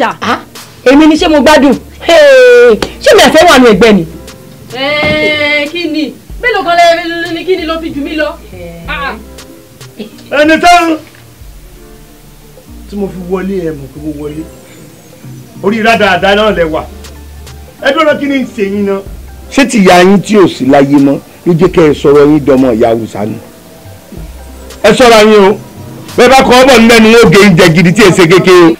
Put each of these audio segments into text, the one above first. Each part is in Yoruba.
ṣá èmi ni ṣé mo gbádùn ṣé mi àfẹ́ wà ní ẹgbẹ́ ni. Eh, kí ni mélòó kan lẹ́yìn kí ni ló fi jù mí lọ. Ah. ẹni tán tí mo fi wọlé ẹ mọ̀ pé mo wọlé orí rádaràda náà lẹ wà ẹ dúró kí ni ń ṣe yín náà. ṣé tìyá yín tí ò sí láyé mọ́ ló jẹ́ kẹ́ ẹ sọ̀rọ̀ yín dọmọ ìyá awùsá ni ẹ sọ̀rọ̀ yín o bẹ́ẹ̀ bá kọ́ ọ́ bọ̀ nílẹ̀ ni yóò gé oúnjẹ gidi tí ẹ ṣe kékeré.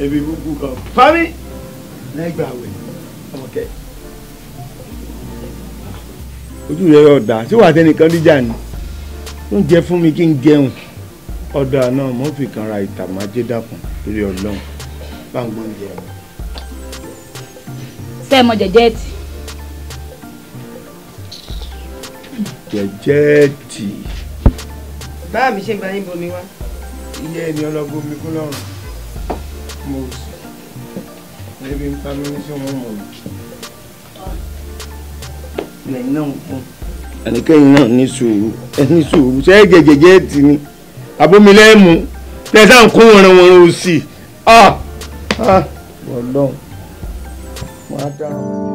ebi gbogbo kan fami lẹgbàá wẹ ọmọkẹ. ojú rẹ ọ̀dà tí wàá tẹnìkan díjà ni ó ń jẹ fún mi kí n jẹun ọ̀dà náà mo fi kan ra ìtàmájé dàkún lórí ọlọ́run bá ń gbọ́n jẹ ọ. ṣé ẹ mọ jẹjẹ tì. jẹjẹ tì. báà mi ṣe gba yín bomi wá. iye ènìyàn lọ bomi moves. Maybe in combination one move. Lẹ́yìn náà ń fún. Ẹnikẹ́yìn náà ní sùúrù ẹni sùúrù ṣé gẹ́gẹ́gẹ́ tì ní abómilẹ́mù tẹ̀sán ń kó wọ̀nrẹ̀ wọ̀nrẹ̀ òsì. Ah, ah. Ọlọ́run, wọ́n á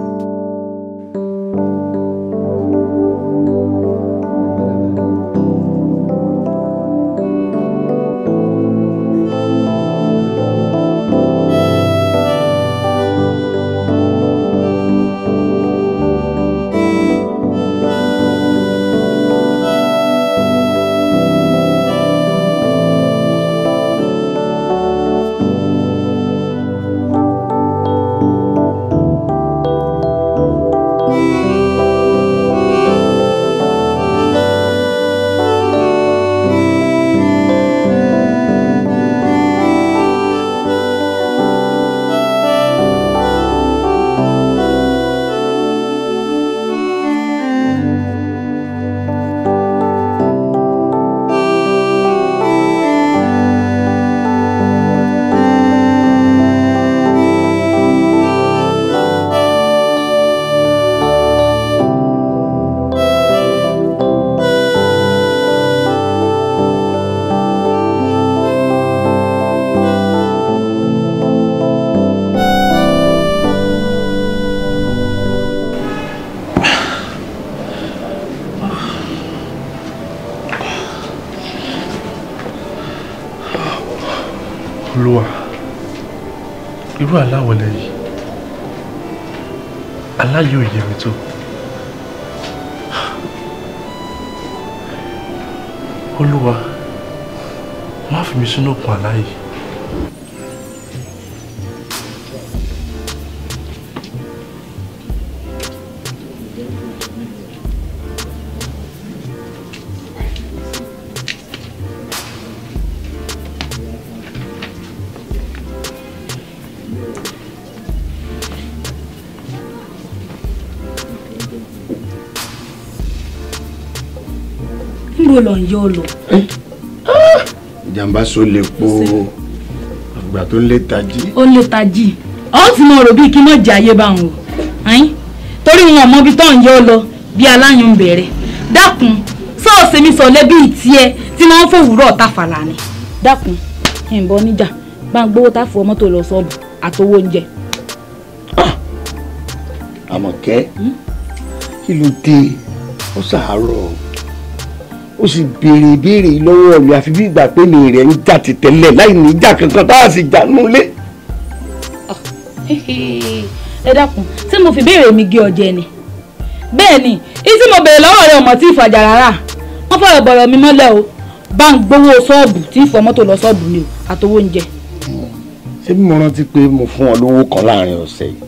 irú aláwọ̀ lẹ yìí aláyé ò yẹ mi tó olúwa má fi mi sínú òkun aláyé. kúrò lọ ń yọ ọ lọ. ìjàmbá so lè po àgbà tó ń lé tají. ó ń tají ọ sì mọ rò bí kí n mọ jẹ ayé bá wọn o torí wọn mọ ibi tó ń yọ ọ lọ bí aláyùn bẹ̀rẹ̀ dákun sọ́ọ̀sì mi sọ̀lẹ́ bíi tiẹ̀ tí wọ́n ń fòwúrọ̀ tàfàlà ni dákun ìbọn níjà bá ń gbowó tá a fọ mọ́tò lọ sọ́ọ̀bù àtowó oúnjẹ. Ah! àmọ̀kẹ́ hmm? kí ló dé ó ṣàárọ̀ ó sì béèrè ìbéèrè lọ́wọ́ mi àfi bí ìgbà pé mi rẹ̀ ń jà ti láì ní ìjà kankan tá a sì jà nù lé. Ah, ẹ dákun tí mo fi béèrè mi gé ọjẹ ni bẹ́ẹ̀ ni ìtí mo béèrè lọ́wọ́ rẹ ọmọ tí ìfàjà rárá wọ́n fọ̀rọ̀ bọ̀rọ̀ mi mọ́lẹ̀ o bá ń gbowó ṣọ́ọ̀bù tí ìfọ̀ mọ́tò lọ ṣọ́ọ̀bù ni o àtowó oúnjẹ. ṣé bí mo rántí pé mo fún ọ lówó kan láàrin ọ̀sẹ̀ yìí.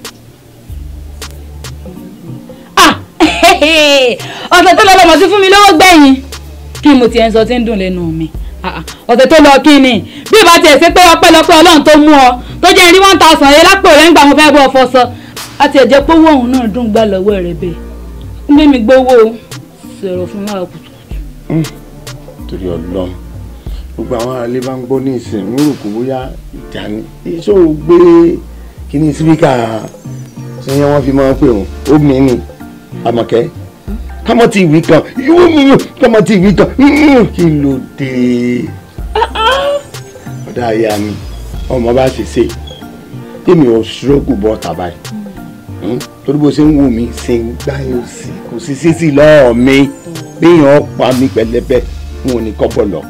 Ah, ọ̀sẹ̀ tó lọ́lọ́mọ ti fún mi lówó gbẹ̀yìn kí mo tiẹ̀ ń sọ tí ń dùn lẹ́nu mi ah, ah. ọ̀sẹ̀ tó lọ kí ni bí ìbá tiẹ̀ ṣe pé ọpẹ́lọpẹ́ ọlọ́run tó mú ọ tó jẹ́ rí one thousand yẹn lápò rẹ̀ ń gbà mo fẹ́ bọ́ ọ fọṣọ àti ẹ̀jẹ̀ pówó òun náà dùn gbà lọ́wọ́ rẹ̀ bẹ́ẹ̀ ní mi gbowó sọ̀rọ̀ fún wa kùtùkùtù. Hmm. torí ọlọ́run gbogbo àwọn aráalé bá ń gbọ́ ní ìsìn ń rò kó bóyá ìjà ni èso gbé kíní síbíkà ṣe yẹn wọ́n fi máa ń pè wọ́n ó mi àmọ̀kẹ́ kọ́mọ ti wí kan kọ́mọ ti wí kan kí ló dé ọ̀dà ìyá mi ọmọ bá ṣe ṣe tèmi ò ṣírọ́kù bọ́ tàbá yìí hmm? torí bó ṣe ń wù mí ṣe ń gbá yóò sí kò sí sísì lọ́ọ̀ mi bíyàn pa mí pẹ̀lẹ́bẹ̀ wọn ò ní kọ́bọ̀ lọ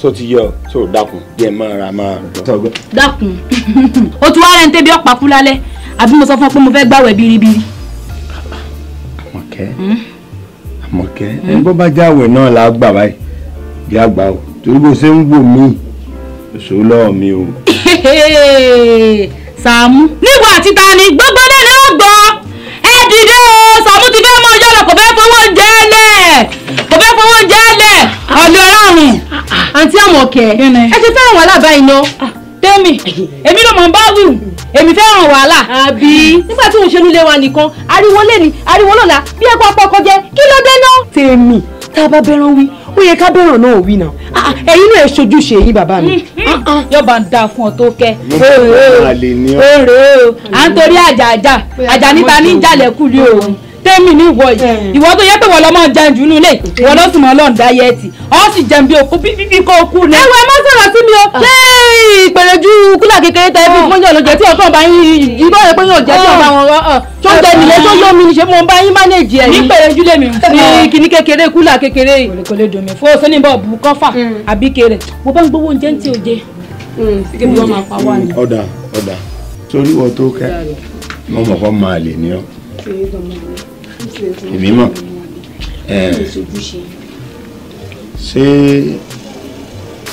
so ti yọ so dákun díẹ̀ máa ra máa dọ. dákun o tún wá rẹ̀ ń tẹ́bi ọ̀pá kú lálẹ́ àbí mo sọ fún ọ pé mo fẹ́ gbàwẹ̀ biribiri. àmọ̀kẹ́. Okay. Mm? àmọ̀kẹ́ hmm. ẹni bó bá jáwèé náà la gbà báyìí bí àgbà o torí bó ṣe ń wò mí òṣòwò lọ́wọ́ mi o. Sàámú níwọ̀ àti ta ni gbogbo náà ni wọ́n gbọ́ ẹ dìde o Sàámú ti fẹ́ mọ ọjọ́ lọ kò fẹ́ fowó jẹ́ lẹ̀ kò fẹ́ fowó jẹ́ lẹ̀ ọ̀dọ̀ ọ̀rọ̀ àrùn àǹtí àmọ̀kẹ́ ẹ ṣe fẹ́ràn wàhálà báyìí náà tẹ́mi èmi ló mọ̀ ń bá wù èmi fẹ́ràn wàhálà. àbí nígbà tí òun ṣe nílé wa nìkan ariwo lẹ́ni ariwo lọ́la bí ẹ̀kọ́ apọ́kọ jẹ kí ló dé náà. tèmi tá a bá bẹ́ràn wí ó yẹ ká bẹ́ràn náà wí náà ah, ah, ẹ̀yin náà ṣojú ṣe yín bàbá mi. Mm-hmm. Ah, yọba ń da fún ọ tó kẹ oore o à ń torí àjà àjà àjà níta ní ìjàlẹ̀kùlé o tẹ́mì ní ìwọ yìí hmm. ìwọ tó yẹ pé wọ́n lọ máa jẹun jù nínú ilé hmm. ìwọ ló sì máa lọ dáyẹ́tì ọ sì jẹun bí òkú bíbí kó kú ni. ẹwà má sọ̀rọ̀ sí mi o ṣé ah. ìpèrèjú kúlà kékeré tẹ fi mọ́yàn ah. ló jẹ́ tí ọkàn bá yín ìbọn rẹ̀ pé yóò jẹ́ tí ọba ah. wọn tó jẹ nìyẹn tó yọ mi ṣé mo bá yín mánéèjì ẹ̀ yìí. nípèrèjú lè mi ní kíní kékeré kúlà kékeré yìí. kò lè dùn mí fún ọsẹ níbọ̀ bù kọ́fà hmm. àbíkẹ́rẹ̀ mo bá ń gbowó oúnjẹ ní ti èmi mọ̀ ṣé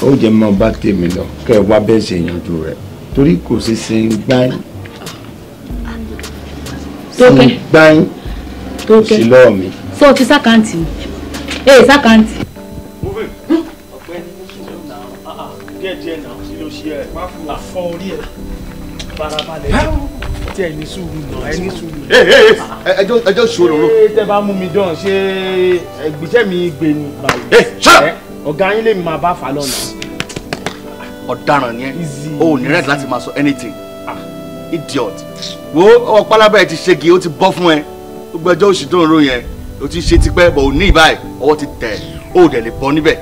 ó jẹ́ mọ́ bá tèmi lọ kẹ́ ẹ wá bẹ́ẹ̀ ṣe yanjú rẹ̀ torí kò ṣe ṣe ń gbáyìn tókẹ́ gbáyìn kò sí lọ́ọ̀ mi. so ti sákàǹtì ee sákàǹtì. díẹ̀ díẹ̀ náà kí ló ṣe ẹ̀ máa fún un fọ́ orí ẹ̀ farabalẹ̀ tí ẹ ní sùúrù náà ẹ ní sùúrù. ẹjọ ẹjọ sùúrù lóró. ṣé tẹ bá mú mi dán ṣé ẹgbẹ́sẹ̀ mi gbé ni. ọ̀gá yín lèmi máa bá fà lọ́nà. ọ̀daràn ni ẹ o ò ní rẹ́ẹ̀dì láti máa sọ anything ah. idiot wo ọwọ́ pálábá ẹ ti ṣègi ó ti bọ́ fún ẹ gbogbo ẹjọ́ òṣì tó ń ro yẹn o ti ṣe tipẹ́ bọ̀ ò ní ìbáyìí ọwọ́ ti tẹ̀ ó dẹ̀ lè bọ́ níbẹ̀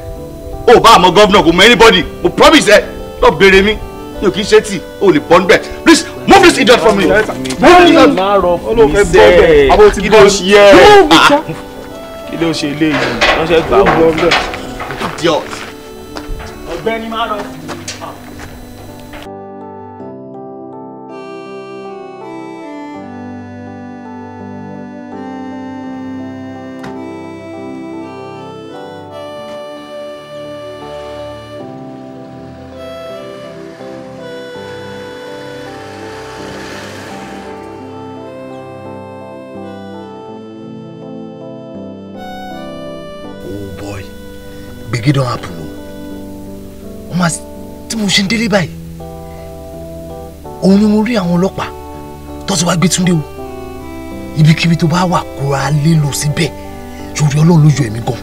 ó bá àmọ́ gọ́vnà kò mọ anybody mo promise ẹ lọ́ọ́ béèrè mi mi ò kì í ṣe tí o lè bọ́ níbẹ̀ please move this idiot from me. má rọ fún mi sẹ́ kí ló ṣe yẹ kí ló ṣe léyìí wọ́n ṣe gbà wọ́n. idiot. ọ̀gbẹ́ni má rọ gbàgede ọ̀hún àbúrò wọ́n máa tí mo ṣe ń délé báyìí òun ni mo rí àwọn ọlọ́pàá tó ti wá gbé Túndé o ibikíbi tó bá wà kóra lé lò síbẹ̀ sórí ọlọ́run lójú ẹ̀mí gan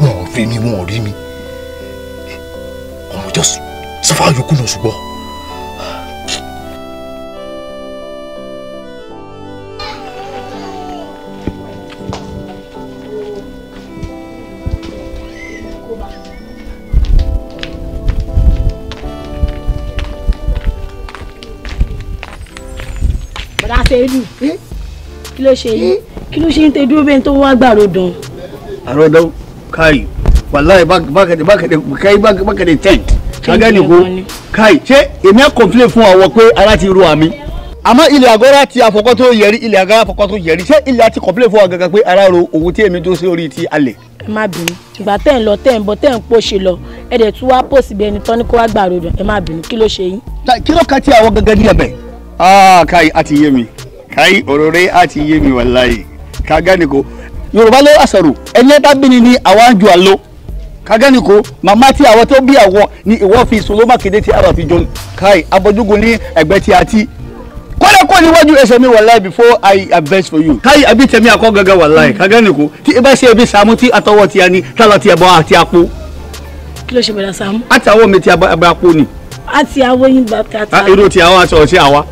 wọn ò rí mi wọn ò rí mi ọmọ ìjọ sọfà yòókù náà ṣùgbọ́n. fẹ́lù kí ló ṣe yín kí ló ṣe ń tẹ dúró bẹ́ẹ̀ tó wá gbàrò dán. àròdọ káyì wàláyé bákẹ́tẹ̀ bákẹ́tẹ̀ káyì bákẹ́tẹ̀ tent kágẹ́ni kó káyì ṣé èmi á kọ̀ǹfilẹ̀ fún àwọn pé ara ti ro àmì àmọ́ ilẹ̀ àgọ́rá ti àfọkọ́ tó yẹrí ilẹ̀ àgọ́rá àfọkọ́ tó yẹrí ṣé ilẹ̀ àti kọ̀ǹfilẹ̀ fún àgàgà pé ara ro òwò tí èmi tó sí orí ti alẹ̀. ẹ má bínú ìgbà tẹ́ ń lọ tẹ́ ń bọ̀ tẹ́ ń pòṣè lọ ẹ dẹ̀ tún wá pòṣì bí ẹni tán ní kó wá gbàrò dán ẹ má bínú kí ló ṣe yín. kí ló ka ti àwọn gangan ní ẹ̀bẹ̀ ah kai a ti yé mi kai òróré a ti yé mi wàláyé ka gane ko yorùbá ló àṣàrò ẹni ẹ bá bínú ni àwa ń ju àlọ ka gane ko màmá tí àwọn tó bí àwọn ni ìwọ fi sòló mákindé tí àrà fi jọ kai abojúgun ní ẹgbẹ tí a ti kọ́lẹ́ kọ́ níwájú ẹsẹ̀ mi wàláyé before i advance for you kai àbí tẹ̀mí akọ́ gẹ́gẹ́ wàláyé ka gane ko tí ẹ bá ṣe ẹbí sàmú tí àtọwọ́ tí a ní tálà tí a bọ́ àti àpò. kí ló ṣe bẹ̀rẹ̀ sàmú. àti àwọn mi tí a àpò ni. àti àwọn yín bá ah, ti àtàwọn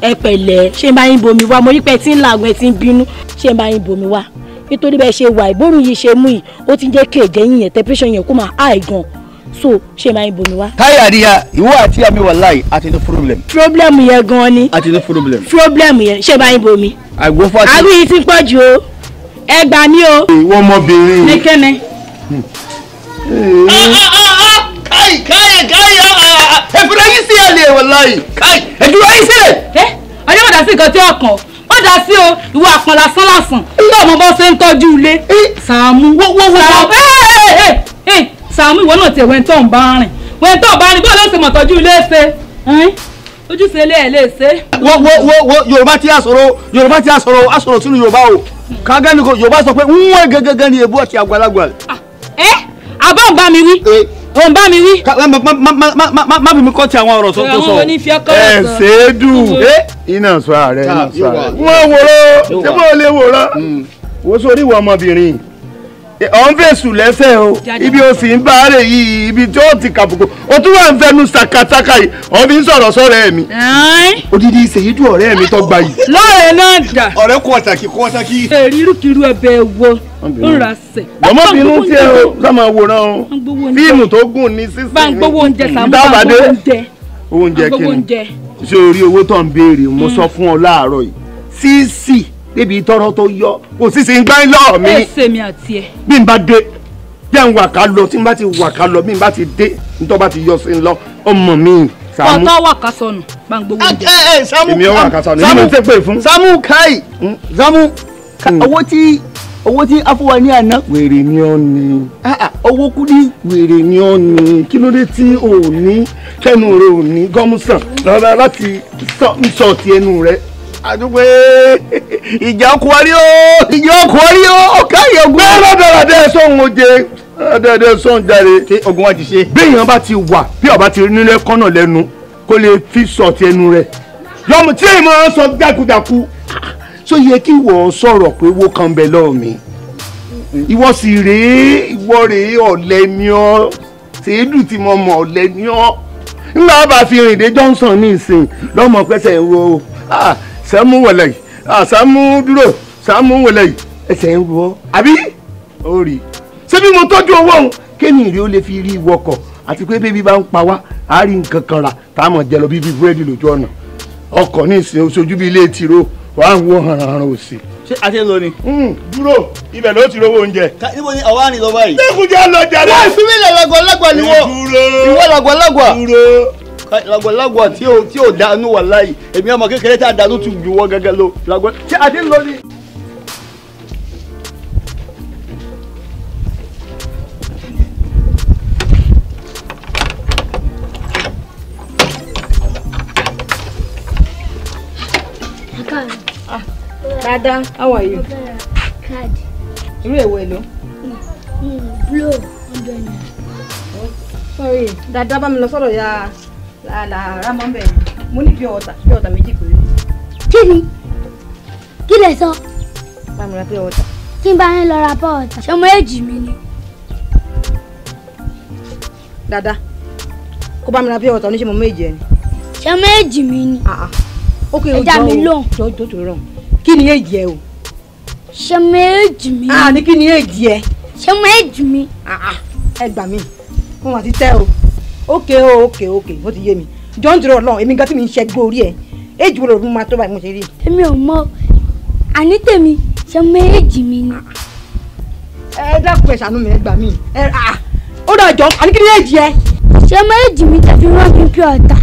ẹ pẹ̀lẹ́ ṣé n bá yín bomi wá mo rí pé tí ń làágùn ẹ ti ń bínú ṣé n bá yín bomi wá nítorí bẹ́ẹ̀ ṣe wà ìgbóòrùn yìí ṣe mú yìí ó ti jẹ́ kéèjẹ́ yìnyín yẹn tẹ́pẹ́ṣọ̀ yẹn kó máa háì gan so ṣé n bá yín bomi wá. táyà àríyá ìwọ àti àmì wà láì àti ní problem. problem yẹn gan ni. àti ní problem. problem yẹn ṣé n bá yín bomi. àgbófà ti. àrùn yìí ti pọ̀ jù o ẹ gbà mí o. ìwọ ọmọbìnrin. ní kẹ́ni. Hmm. káì lè wọ̀ lọ́yìn káì ẹ̀dúró yìí sílẹ̀. ẹ ọjọ́ bàdà sí nǹkan tí ọkàn ó dá sí o ìwọ àpọ̀n lásán lásán nígbà ọmọ bọ́ ṣe ń tọ́jú ilé. Sàámú Sàámú ìwọ náà tiẹ̀ wẹ́n tó ń bá rìn wẹ́n tó ń bá rìn bọ́ọ̀lù ó sì mọ̀ tọ́jú ilé ṣe ojúṣe ilé ẹ̀ lè ṣe. wo wo wo wo Yorùbá ti àsọ̀rọ̀ Yorùbá ti àsọ̀rọ̀ àsọ̀rọ̀ sínú Yorùbá o kágẹ́ni ko Yorùbá sọ pé ń wọ́n gẹ́gẹ́gẹ́ ni èbú àti àgbàlagbà. Ah, ẹ abọ́ ń bá mi wí o ń bá mi wí. má bí mi kọ́ ti àwọn ọ̀rọ̀ tó sọ. àwọn onífi ọkọ rẹ sọ. ẹ ṣèdù iná sọ ààrẹ iná sọ ààrẹ. wọ́n wòrán ṣé bó lè wòrán. Hmm. wo sórí ìwà ọmọbìnrin yìí ọ̀n fèsù lẹ́sẹ̀ o ibi o sì ń bá rè yí ibi tí ó ti kàbùkù o tún wà ń fẹnu sakasaka yìí ọ̀n fi ń sọ̀rọ̀ sọ̀rọ̀ ẹ̀ mi. odidi ìṣèyídú ọ̀rẹ́ mi tó gba yìí. lọ́ọ̀rẹ́ náà dà. ọ̀rẹ́ kọ́ọ̀tàkì kọ́ọ̀tàkì. èrì irúkirú ẹbẹ̀ wo ń ra sẹ̀. ọmọ bínú tí ẹ sọmọ wòran o fíìmù tó gùn ní sísè ní. bá ń gbówó oúnjẹ sàmú bá ń gbówó oúnjẹ. oúnjẹ kí ibi tọrọ tó yọ kò sì sí gbá lọ mi. ẹ ṣe mi àti ẹ. bí n bá dé jẹ́ n wà ká lọ tí n bá ti wà ká lọ bí n bá ti dé n tọ́ bá ti yọ sí n lọ ọmọ mi Sàámú. wà ká sọnù gbàngbó wọlé. ẹ ẹ Sàámú èmi ọwọ́ àkàsọ ni mo ti pè fún. Sàámú káì hmm. Sàámú hmm. owó tí owó tí afọwọ́ ní àná. wèrè ni ó ní. Ah, ah, owó kú ní. wèrè ni ó ní kí ló dé tí ò ní kẹnu rẹ ò ní gọ́mùsàn rárá láti sọ ti ẹnu rẹ àdúgbò ìjà ọkọ̀ rí o ìjà ọkọ̀ rí o káyọ̀ gbé. bẹ́ẹ̀ lọ́dọ̀ọ́dẹ sóhun oje lọ́dọ̀ọ́dẹ sóhun jáde. tí ogun wa ti ṣe. béèyàn bá ti wà bí ọba ti rí nílé kọ́nà lẹ́nu kó lè fi sọ ti ẹnu rẹ̀ yọmọ tí èèmọ sọ jákujáku ṣó yẹ kí wọ́n sọ̀rọ̀ pé wó kan bẹ lọ́ọ̀ mi ìwọ sì rèé ìwọ rèé ọ̀lẹ ni ọ́ ṣèédù tí mo mọ̀ ọ̀lẹ ni ọ́ nígbà bá fi rìn dé Johnson ní ìsìn lọ́mọ pẹ́sẹ̀ ń wo sàmú wẹlẹ yìí sàmú dúró sàmú wẹlẹ yìí ẹsẹ̀ ń ru ọ àbí ó rí i ṣé bí mo tọ́jú owó òun kéènì rí ó lè fi rí ìwọkọ̀ àti pé bébí bá ń pa wá a rí nǹkan kan rà tá a mọ̀ jẹ lọ bí bí búrẹ́dì lójú ọ̀nà ọkọ̀ ní ìsìn oṣoojú bíi ilé tìró wà á wo hànrànràn òsì. ṣé a ti lọ ni. Hmm, dúró ibẹ̀ ló ti rówó oúnjẹ. níbo ni ọ̀wá ni lọ báyìí. lẹ́kùnjẹ́ lọ jàre. wọ́n ìfúnmi lẹ̀ lọ́gbọ̀lọ́gbọ̀ ni wọ́n. dúró ìwọ lọ́gbọ̀lọ́gbọ̀. dúró làgbàlagbà tí ò tí ò dànù wà láyìí èmi ọmọ kékeré a dànù tù jù wọ gẹ́gẹ́ lọ làgbà a ti ń ni. Ah. Dada, how are you? Card. Irú èwo èlò? Hmm, blue, Sorry, Dada bá mi lọ sọ́dọ̀ ya rárá mọ́ bẹ́ẹ̀ mo ní bí ọ̀tà bí ọ̀tà méjì péré. kí ni kí lè sọ. bá mi ra pé ọ̀tà. tí n bá yín lọ ra bọ́ ọ̀tà ṣé mo èjì mi ni. dada kó bá mi ra pé ọ̀tà oníṣẹ́ mo méje ni. ṣé mo èjì mi ni. ok o jọ o jọ o tó rọrùn kí ni èjì ẹ o. ṣé mo èjì mi. a ní kí ni èjì ẹ. ṣé mo èjì mi. ẹ gbà mí wọn àti tẹ o ókè ókè ókè ó ti yé mi jọ ń dúró ọlọ́run èmi gan tí mi ń ṣẹ́gbó orí ẹ̀ éjì wo lòun máa tó báyìí mo ṣe rí. èmi ò mọ àní tèmi ṣe mọ éjì mi ni. ẹ dákun ẹ ṣàánú mi ẹ gbà mí ẹ à ó dà jọ àní kí ni éjì ẹ. ṣe mọ éjì mi tàbí wọn kí n kí ọ̀tá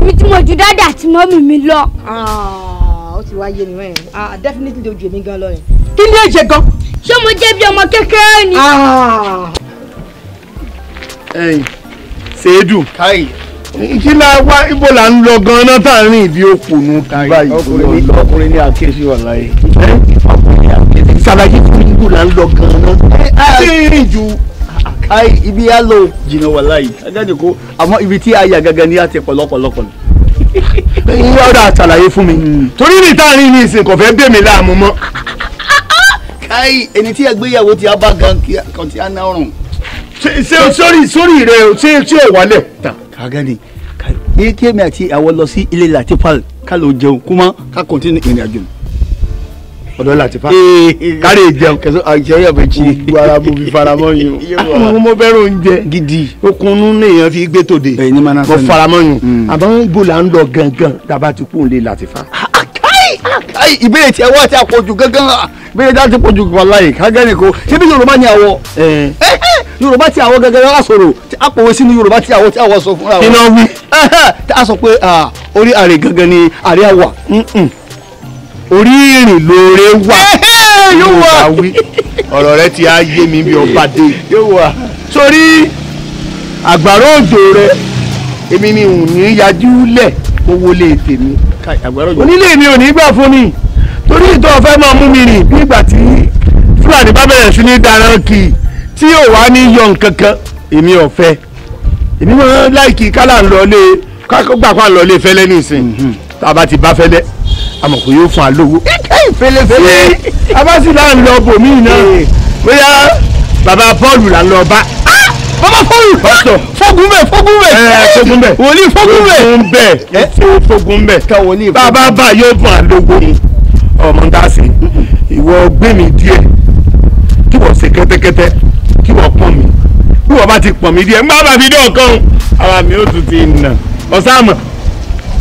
èmi tí mo ju dáadáa àti mọ́mì mi lọ. ó ti wá yé mi wẹ́n ah definitely ló ju èmi gan lọ yẹn. kí ni éjì gan. ṣé mo jẹ́ bí ọmọ kékeré ni ṣèédù. káyì. kí la wá ibo là ń lọ ganan tá a rìn ìdí òpònú kí báyìí. ọkùnrin ní ọkùnrin ní àkéṣe wà láyé. ṣàlàyé fún ibo là ń lọ ganan. ṣé ìrìn ju ibi á lọ jìnnà wà láyé ajáde kó àmọ́ ibi tí a yà gẹ́gẹ́ ni a ti pọ̀lọ́pọ̀lọ́pọ̀ ìyá ọ̀dà àtàlàyé fún mi hmm. torí ní ìtàrin ní ìsìn kò fẹ́ bẹ̀ mí láàmú mọ́. káyì ẹni tí ẹgbéyàwó ti a bá gan kan tí a náà rùn sórí sórí rẹ o ṣé tí o wálẹ̀. kagani ní kémi àti àwọn lọ sí ilé latifal ká ló jẹun kó mọ ká kọ́ntínú ìrìn àjò ọ̀dọ̀ latifal. Eh, eh, eh. kárí ah, ìjẹun kẹsàn án ìṣẹ́rí ọ̀bẹ jì í. gbogbo ara mo fi faramọ́ yín o. àwọn ọmọ bẹ́ẹ̀ ló ń jẹ. gidi okùnrin lèèyàn fi gbé tòde. èyí ni mana sẹ́yìn mo faramọ́ yín. Mm. àbá ibo là ń lọ gangan dàbá ti kú ilé latifal. Ah, ah, ìbéèrè tí ẹ wá ti àpọ̀jù gangan ìbéèrè tí a ti pọ̀jù wàláyé kágẹ́ni kò ṣé bí yorùbá ni àwọ̀. ẹ ẹ yorùbá tí àwọn gẹ́gẹ́ wá sọ̀rọ̀ tí a pòwe sínú yorùbá tí àwọn tí àwọn sọ fúnra wọn. iná wí. tí a sọ pé orí àrè gangan ni àrè àwà orí ìrìn lóore wà. yóò wà ọ̀rọ̀ rẹ ti á yé mi bí ọba dé. yóò wà. sórí àgbàrá òjò rẹ èmi ni ò ní yájú lẹ̀ mo wọlé tèmi. onílé mi ò ní gbà fún mi torí ìtọ́ fẹ́ máa mú mi rìn bí ìgbà tí fúlàní bá bẹ̀rẹ̀ sí ní dáná kì í tí ò wá ní yọ nǹkan kan èmi ò fẹ́ èmi máa ń láìkí kálá ń lọlé gbà pa ń lọlé fẹ́lẹ́ nísìn mhm. tàbá ti bá fẹ́lẹ́ àmọ́ kò yóò fún alówó. fẹ́lẹ́ fẹ́lẹ́ abasi là ń lọ bòmí náà eh. bóyá bàbá Paul là ń lọ bá. Ah! bàbá Paul ah! pásítọ̀ fógúnbẹ̀ fógúnbẹ̀ eh, eh! fógúnbẹ̀ wòlíì fógúnbẹ̀ fógúnbẹ̀ fógúnbẹ̀ bàbá bá yóò fún alówó ọmọ ń dá sí ìwọ gbẹmí díẹ̀ kí wọ́n ṣe kẹ́tẹ́kẹ́tẹ́ kí wọ́n pọ̀n mi bí wọ́n bá ti pọ̀n mi díẹ̀ nígbà bá fi dé ọ̀kan ara mi ó tún ti nà ọ̀sàmọ̀.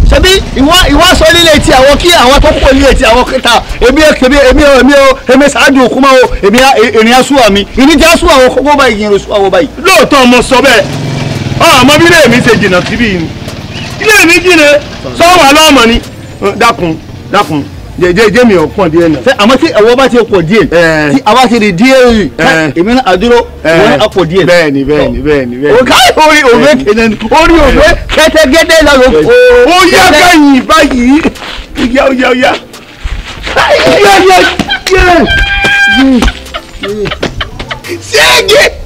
ṣebí ìwọ ìwọ sọ nílé tí àwọn kí àwọn tó pọ̀ nílé tí àwọn kẹta èmi èmi èmi èmi o èmi ṣáájú òkú máa o èmi èmi asúwà mi ìní jẹ́ asúwà àwọn kókó báyìí ìyẹn oṣù àwọn báyìí. lóòótọ́ mo sọ bẹ́ẹ̀ ọmọ bí ilé mi ṣe jìnnà síbí yìí ilé mi jìnnà sọ́wọ́ àlọ́ ọmọ ni dákun dákun jẹjẹ jẹ mi ò pọ̀ díẹ̀ náà. àmọ́ tí ẹ̀wọ́ bá ti pọ̀ díẹ̀ tí a bá ti di díẹ̀ yìí èmi náà àdúró wọn á pọ̀ díẹ̀. bẹ́ẹ̀ni bẹ́ẹ̀ni bẹ́ẹ̀ni bẹ́ẹ̀ni. o ká orí òwe kẹnẹni orí òwe kẹtẹgẹdẹ lọ. ó yá báyìí báyìí yá yá yá yá yá yá. ṣé é gé.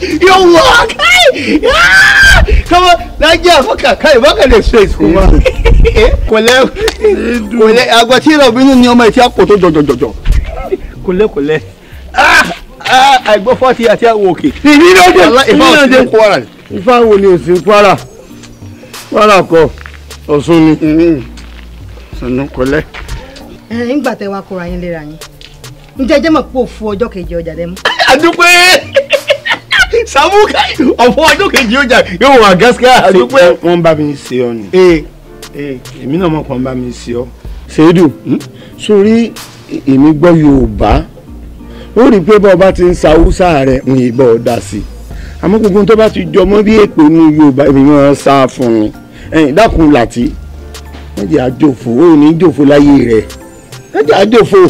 You work! Hey! Ah! Come on, Nigeria, fuck her. Kai, fuck her next face, kuma. Kole, kole, agwa ti ra binu ni ọmọ ti apo to jojo jojo. Kole kole. Ah! Ah, I go 40 àti awo òkè. Ni no de. Allah, if I was Kwara. If I won you Kwara. Kwara ko. Ọ̀ṣun ni. Sanu mm-hmm. mm-hmm. kole. Eh, ngba te wa kora yín lera yín. Ǹjẹ́ jẹ́ mọ̀ pé òfu ọjọ́ kejì ọjà dẹ́mu. Àdúpẹ́! Sàámú káyì ọ̀pọ̀ ọjọ́ kejì ó jà yóò wà gáskà àdúgbò. wọ́n bá mi ṣe ọ ni èmi náà mọ̀ kàn bá mi ṣe ọ. ṣèdù hmm? sórí èmi gbọ́ Yorùbá ó rí i pé bá ọba ti ń sa haúsá rẹ̀ ń ìbọn ọ̀dà sí i àmọ́ gbogbo tó bá ti jọmọ́ bí èpè ní Yorùbá èmi máa ń sá fún mi ẹ̀yìn dákun làtí wọ́n jẹ́ àjòfò ó ní jòfò láyé rẹ̀ wọ́n jẹ́ àjòfò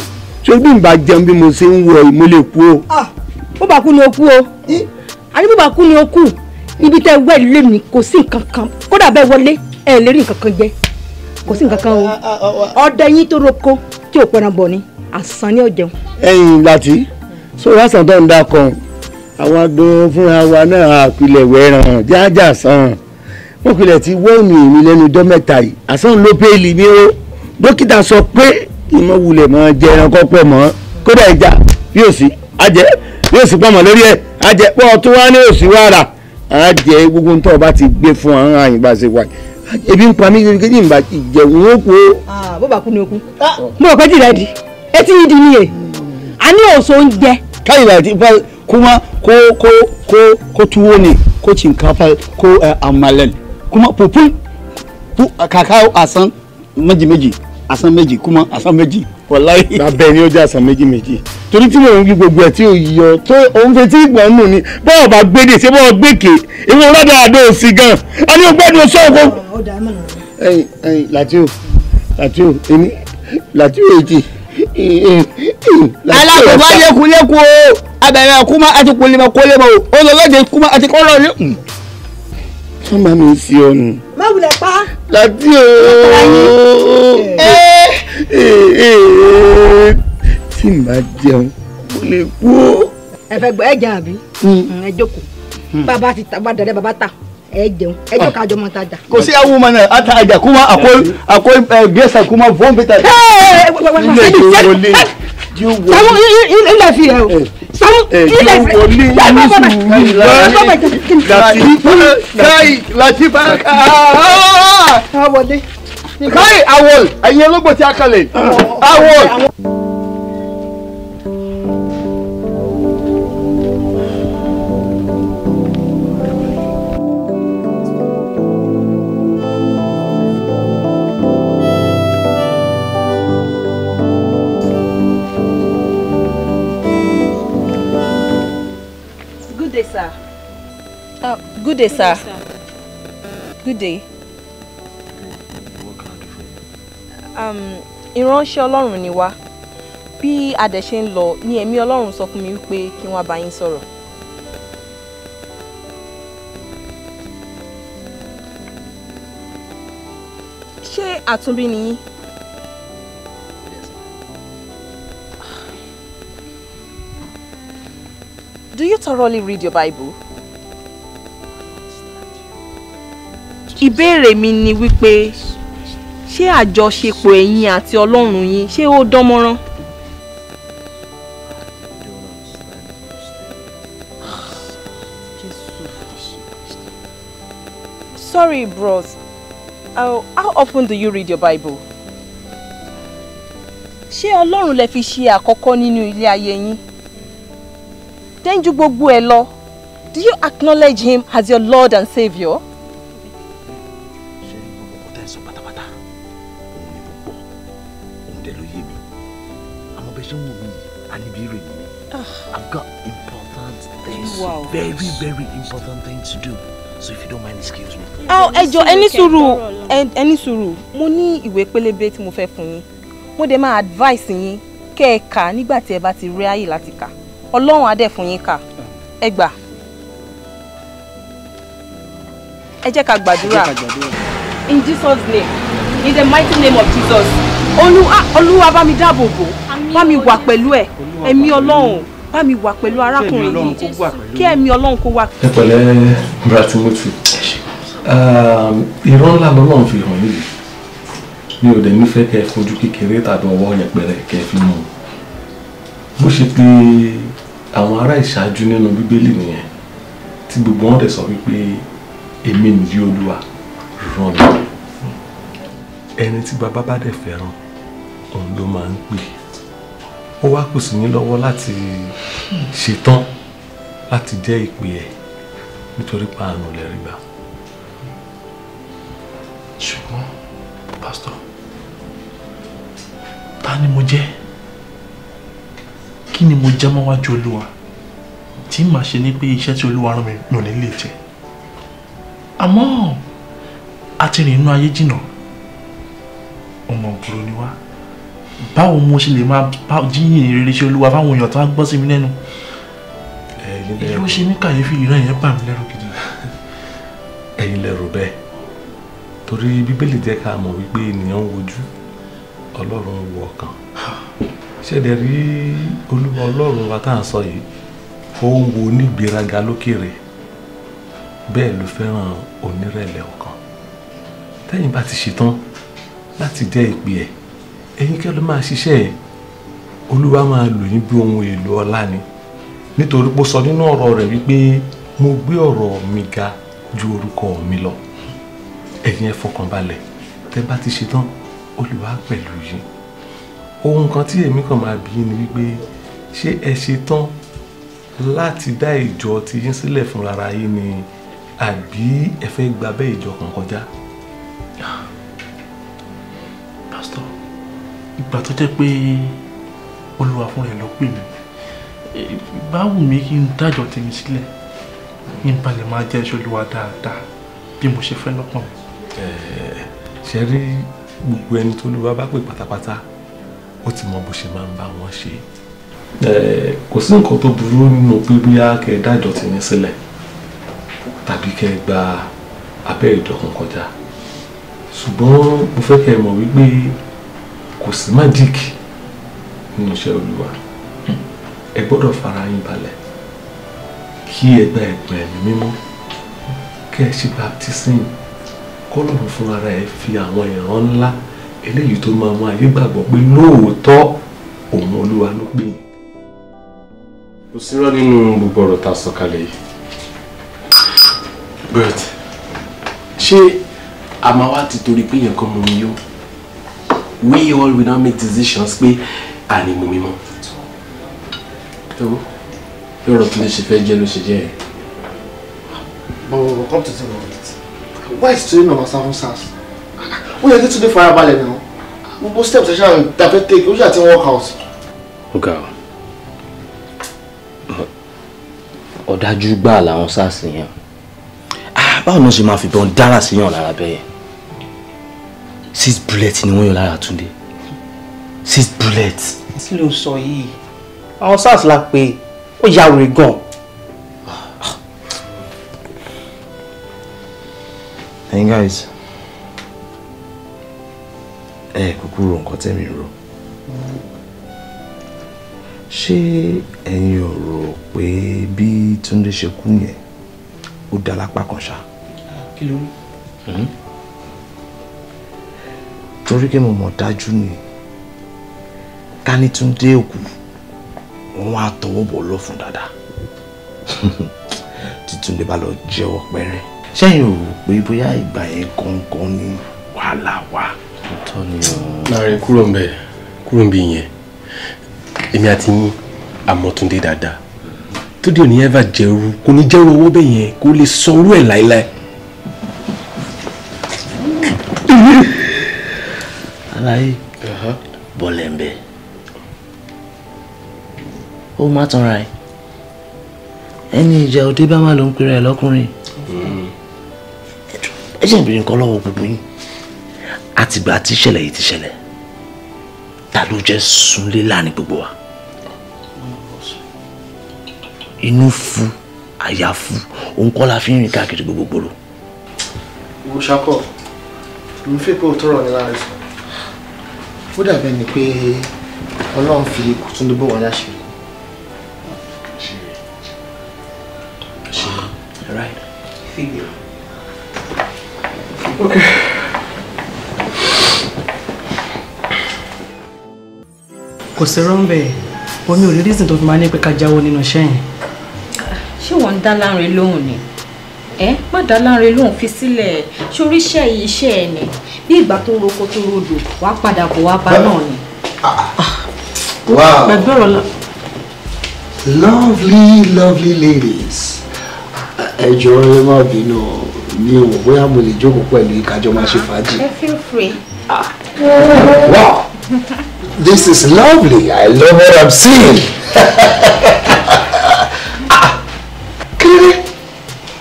ṣé bí n bá jẹun bí mo ṣe ń wọ ìmọ̀lẹ̀ kú o. Ah, ó bá kú ni ó kú o àníbùbàkú ni ó kù ibi tẹ́ wẹ́ lé mi kò sí nǹkan kan kódà bẹ́ẹ̀ wọlé ẹ̀ lè rí nǹkan kan jẹ kò sí nǹkan kan o ah, ah, ah, ọdẹ yín tó roko tí ò pẹran bọ̀ ni àsán ni ó jẹun. ẹ̀yin láti sórí àsàn tó ń da kan àwọn adùn fúnra wa náà àpilẹ̀ wẹ̀ràn jájà sàn wọn pilẹ̀ ti wọ́ọ̀mù mi lẹ́nu ọjọ́ mẹ́ta yìí àsán ló péèlì mi o dókítà sọ pé kí n mọ wulẹ̀ mọ jẹran mọ́ kódà ẹja bí sì ajẹ́ bí sì pọ̀ mọ́ lórí ẹ̀ àjẹpọ̀ tó wá ní òsì wàrà àjẹ gbogbo ń tọ́ ọba ti gbé fún àwọn àyìnbá ṣe wáyé ebi ń pa mí kékeré ìgbà ìjẹun ó kú. bó bá kú ni o kú ah, mo rò pé tìrẹ di etí yìí di nìyẹn a ní òsò oúnjẹ. káyìlá ti fa kuma ko ko ko ko tuwo ne ko shinkafa ko amalen kuma pupul kaka asan meji meji asan meji kuma asan meji wọláyé. abẹ ni ó jẹ àṣà méjì méjì torí tí mò ń gbé gbogbo ẹ tí ò yọ tó òun fetí ìgbọ̀n nù ni bọ́ọ̀ bá gbédè ṣé bọ́ọ̀ gbèké ìwé ọlọ́dà àdó òsì gan a ní ọgbẹ́ni oṣù ọ̀gbọ́n. ẹyin ẹyin Làtíò Làtíò èmi Làtíò èjì. alákòóbá yẹ kuléku o abẹ̀rẹ̀ kúmọ́ àti kùnìmọ̀ kólẹ́mọ̀ o olólóde kúmọ́ àti kọ́lọ́ ní. Hmm. sọ́mà mi ń fi ọ̀nù. má wulẹ̀ pa. Làtíò. ẹ tí n bá jẹun kò lè kú o. ẹ fẹ́ gbọ́ ẹ jẹun àbí hmm. Hmm, ẹ jókòó hmm. bàbá ti ta bá dẹrẹ bàbá ta ẹ jẹun ẹ jọ ah. kájọ mọ tajà. kò sí awo ma náà ata àjà kuma àkó àkó gbèsè kuma fún pété. ilé ìwé wọlé samu ilé fi rẹ o eh. samu eh, ilé fi rẹ yàtọ̀ bàbá. lati lati bá a wọlé káyì awol ẹ̀yin ológbò tí a awol. Good day, sir. Uh, Good day. Sir. Good day. Um, ìránṣẹ́ ọlọ́run ni wá bí adẹ̀ ń lọ ni ẹ̀mí ọlọ́run sọ fún mi wípé kí wọ́n bá sọ̀rọ̀. ṣé àtúnbí ni Do you thoroughly read your Bible? Ìbéèrè mi ni wípé ṣé àjọṣepọ̀ ẹ̀yin àti ọlọ́run yín ṣé ó dán Sorry, bros. Oh, how often do you read your Bible? Ṣé Ọlọ́run lẹ fi ṣe àkọ́kọ́ nínú ilé ayé yín? Dẹ́njú gbogbo ẹ lọ. Do you acknowledge him as your Lord and Saviour? very very important thing to do so if you don't mind excuse me. Oh, ẹ Any suru? ní sùúrù ẹ ní sùúrù mo ní ìwé pélébé tí mo fẹ́ fún yín mo dẹ̀ máa advice yín Ke ka kà nígbà e ẹ bá ti rí ààyè láti kà ọlọ́run á dẹ̀ fún yín kà ẹ gbà ẹ jẹ́ ká gbàdúrà in Jesus name in the mighty name of Jesus Oluwa, bá mi dáàbò bò bá mi wà pẹ̀lú ẹ ẹ̀mí ọlọ́run bá mi wà pẹ̀lú arákùnrin yìí kí ẹ̀mí ọlọ́run kó wà. ẹ pẹ̀lẹ́ bra timothy um, ìran ńlá lọ́lọ́run fi hàn yìí mi ò dẹ̀ nífẹ̀ẹ́ kẹ́ ẹ fojú kékeré tàbí ọwọ́ yẹpẹrẹ kẹ́ ẹ fi mú un bó ṣe pé àwọn ará ìṣáájú nínú bíbélì nìyẹn tí gbogbo wọn dẹ̀ sọ wípé èmi nìyí olúwa ràn mí ẹni tí bàbá bá dẹ̀ fẹ́ràn òun ló máa ń pè é ó wá kù sí ní lọ́wọ́ láti ṣetán láti jẹ́ ìpè ẹ̀ nítorí pa àrùn lè rí gbà. ṣùgbọ́n pásítọ̀ ta ni mo jẹ́ kí ni mo jẹ́ mọ́wájú olúwa tí màá ṣe ní pé iṣẹ́ tí olúwa rán mi nù nílé jẹ́ àmọ́ àti rìn inú ayé jìnnà ọmọ òbúrò ni wá báwo mo ṣe lè máa jíyìn rere ṣe olúwa fáwọn èèyàn tó wá gbọ́ sí mi lẹ́nu èyí ó ṣe ní kàyéfì ìran yẹn bà mí lẹ́rù gidi. ẹ̀yin lẹ́rù bẹ́ẹ̀ torí bíbélì jẹ́ ká mọ̀ wípé ènìyàn ń wojú ọlọ́run ń wo ọkàn ṣẹ̀dẹ̀ rí olúwa ọlọ́run wa tá à ń sọ yìí ó ń wo onígbéraga lókèrè bẹ́ẹ̀ ló fẹ́ràn onírẹ̀lẹ̀ ọkàn tẹ́yìn bá ti ṣetán láti jẹ́ ìpè ẹ̀ ẹ̀yin kẹ́ ló máa ṣiṣẹ́ ẹ̀ olúwa máa lò yín bí ohun èlò ọlá ni nítorí pé ó sọ nínú ọ̀rọ̀ rẹ̀ wípé mo gbé ọ̀rọ̀ mi ga ju orúkọ mi lọ ẹ̀yin ẹ fọkàn balẹ̀ tẹ́ bá ti ṣetán olúwa pẹ̀lú yín ohun kan tí èmi kàn máa bí ni wípé ṣé ẹ ṣetán láti dá ìjọ ti yín sílẹ̀ fúnra yín ni àbí ẹ fẹ́ gba bẹ́ẹ̀ ìjọ kan kọjá. ìgbà tó jẹ́ pé olúwa fúnra ẹ̀ ló pè mí e, báwo mi kí n dájọ́ tèmi sílẹ̀ kí n balẹ̀ máa jẹ́ iṣẹ́ olúwa dáadáa bí mo ṣe fẹ́ lọ́kàn mi. ṣe rí gbogbo ẹni tó lúwa bá pè pátápátá ó ti mọ bó ṣe máa ń bá wọn ṣe kò sí nǹkan tó burú nínú pé bóyá kẹ ẹ dájọ́ tèmi sílẹ̀ tàbí kẹ ẹ gba abẹ́ ìdọ̀kan kọjá ṣùgbọ́n mo fẹ́ kẹ ẹ mọ̀ wípé kò sí magic nínú iṣẹ́ olúwa ẹ gbọ́dọ̀ fara yín balẹ̀ kí ẹ gba ẹ̀gbọ́n ẹ̀mí mímọ́ kí ẹ ṣe baptism kọ́lọ́run fún ara ẹ fi àwọn ìran ńlá eléyìí tó máa mú ayé gbàgbọ́ pé lóòótọ́ òun olúwa ló pè yín. kò sírọ́ nínú gbogbo ọ̀rọ̀ tá a sọ kalẹ̀ yìí bert ṣé àmàwá ti torí pé yẹn kọ́ mọ mi yó we all will now make decisions pé àní mu mímọ́ lọ́rọ̀ tó lè ṣe fẹ́ jẹ́ ló ṣe jẹ́ bọ̀wọ̀ come to think of it why is today number seven sars ó yẹ kí túnde fara balẹ̀ náà gbogbo steps ẹ̀ṣẹ̀ àwọn ìdàpẹ́ take ó ṣe àti work out. ọ̀gá ọ̀dájú gbáà làwọn sars yẹn ah, báwo ni wọ́n ṣe máa fi bọn dára síyàn lára bẹ́ẹ̀ yẹn six bullets ni wọ́n yọ lára Túndé six bullets. kí ló ń sọ yìí àwọn sars la pé ó ya wèrè gan. ẹ̀yin guys ẹ kúkú ro nǹkan tẹ́mi rò ṣé ẹ̀yin ò rò pé bí Túndé ṣe kú yẹn ó dá lápá kan ṣá torí pé mo mọ̀ dájú ni kánítúndé òkú wọn á tọwọ́ bọ̀ lọ fún dáadáa títúndé bá lọ jẹ́wọ́ pẹ́rẹ́ sẹ́yìn ò rò pé bóyá ìgbà yẹn gangan ni wàhálà wà. ọ̀tọ̀ ni o. láàrin kúrò ń bẹ kúrò ń bí yẹn èmi àti yín àmọ́túndé dáadáa tó dé òní ẹ̀ bá jẹ́rú kò ní jẹ́rú owó bẹ́ẹ̀ yẹn kó lè sanwó ẹ̀ láéláé. láyé uh-huh. bọ́lẹ̀ ń bẹ̀ ó má tanra ẹ̀ ẹni ìjà òde bá má ló ń pera ẹ̀ lọ́kùnrin hmm. ẹ jẹ́ ìbéèrè nǹkan lọ́wọ́ gbogbo yín àtìgbà tí ìṣẹ̀lẹ̀ yìí ti ṣẹlẹ̀ ta ló jẹ́ súnlé láàrin gbogbo wa inú fu àyà fu òun kọ́ la fi ń rìn káàkiri gbogbo gbòòrò. wo ṣakọ mi fi pé òótọ́ rọ̀ ní láàrin sọ ó dàbí ẹni pé ọlọ́run fi kùtùndínlógún bò wọ́n láṣìírí. Right. Figure. Okay. kò sí rọ́ńbẹ́ omi ò ní reason tó fi máa ní pé ká jáwọ́ nínú iṣẹ́ yẹn. ṣé wọ́n ń dá láre lóhùn ni ẹ má dá láre lóhùn fi sílẹ̀ ṣoríṣẹ́ iṣẹ́ ẹ ni bí ìgbà tó roko tó rodò wàá padà bọ̀ wá bá náà ni. Ah, ah, wow lovely lovely ladies ẹ jọ̀ọ́ ẹ má bínú mi ò bóyá mo lè jókòó pẹ̀lú ìkájọ máa ṣe fàájì. Ah, feel free. wow this is lovely i love what i'm seeing. kiri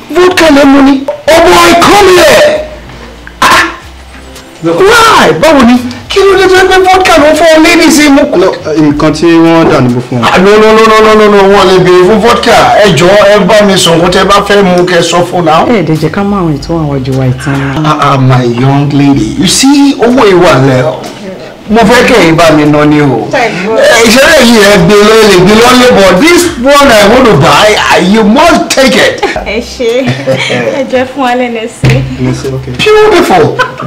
vodka lemoni oh boy come here why báwo ni kí ló dé tó pé vodka ló fọ́ ọ lé ní sí mú. nǹkan tí wọ́n dà níbo fún wa. Ah, no no no no no no no wọn lè béèrè fún vodka ẹ jọ ẹ bá mi sọ nǹkan tẹ bá fẹ́ mú kẹ sọ fún náà. ẹ ẹ̀dẹ̀jẹ̀ ká mọ àwọn ètò àwọn ìjọba ìtàn. ah ah my young lady you see owó ìwà lẹ mo fẹ́ kẹ̀yìn bá mi nà ni o ìṣẹ̀lẹ̀ yìí ẹ gbé lọ lè gbé lọ lè bọ̀ this one i want to buy you must take it. ẹ ṣe ẹ jẹ fún wa lẹ́nu ẹsẹ̀. beautiful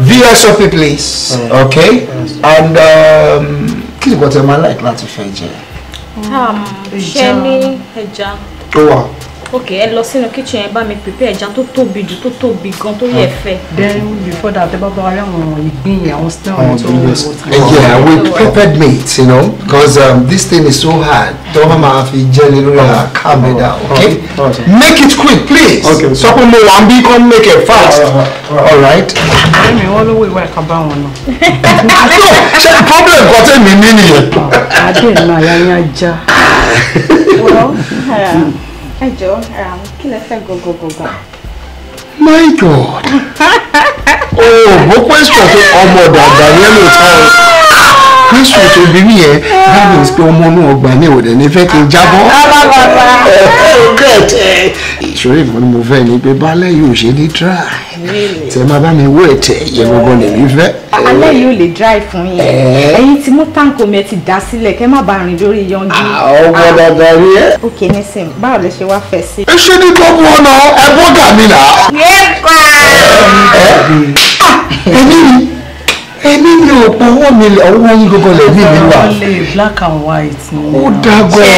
vsop place okay and um, kí ni kò tẹ máa like láti fẹ́ jẹ. Um, ṣe ẹja. ó wà ok ẹ lọ sínú kitchen ẹ bá mi prepare ẹja tó tóbi jù tó tóbi gan tó yẹ ah, fẹ. then before that ẹ bá bá rẹ àwọn ìgbín yẹn àwọn snail wọn um, tó wọ wọ. yeah we prepared meat you know because um, this thing is so hard tó wọn máa fi jẹ ní lórí ara calm me down okay ah, ah, make it quick please sọ pé mo wà ń bí come make it fast alright. èmi wọn lówó ìwà ẹ̀ka bá wọn náà. ṣé problem kan tẹ̀mí mi nìyẹn. àdéhùn àyà yẹn ajá. ẹ kí lẹ fẹ́ gọgọgọgọ. my god Oh, mo pẹ́ sọ pé ọmọ dàgbà yẹn ló tán kristu tó bí mi yẹn pé ọmọ inú ọgbà ní òde ní fẹ́ kí n jábọ́. ìṣòro ah, eh, ìfọ̀n ni mo fẹ́ ni pé balẹ̀ yóò ṣe ní dry tẹ máa bá mi wó ẹ̀tẹ̀ yẹ gbogbo lèmi fẹ́. Ah, alẹ́ yóò lè dry fún yín eh. ẹ̀yin tí mú táǹkì omi ẹ̀ ti dá sílẹ̀ kẹ́ má bàa rìn lórí yanjú. Ah, ọgbọ́n dandan rí ẹ. ok nísìnyí báwo lè ṣe wá fẹ́ sí. ẹ ṣe ní gbogbo ọ̀nà ẹ bọ́gà pé ọwọ́ mi ọwọ́ yín gbogbo lẹ̀ ní ìlú wa. black and white ni. ó dàgọ̀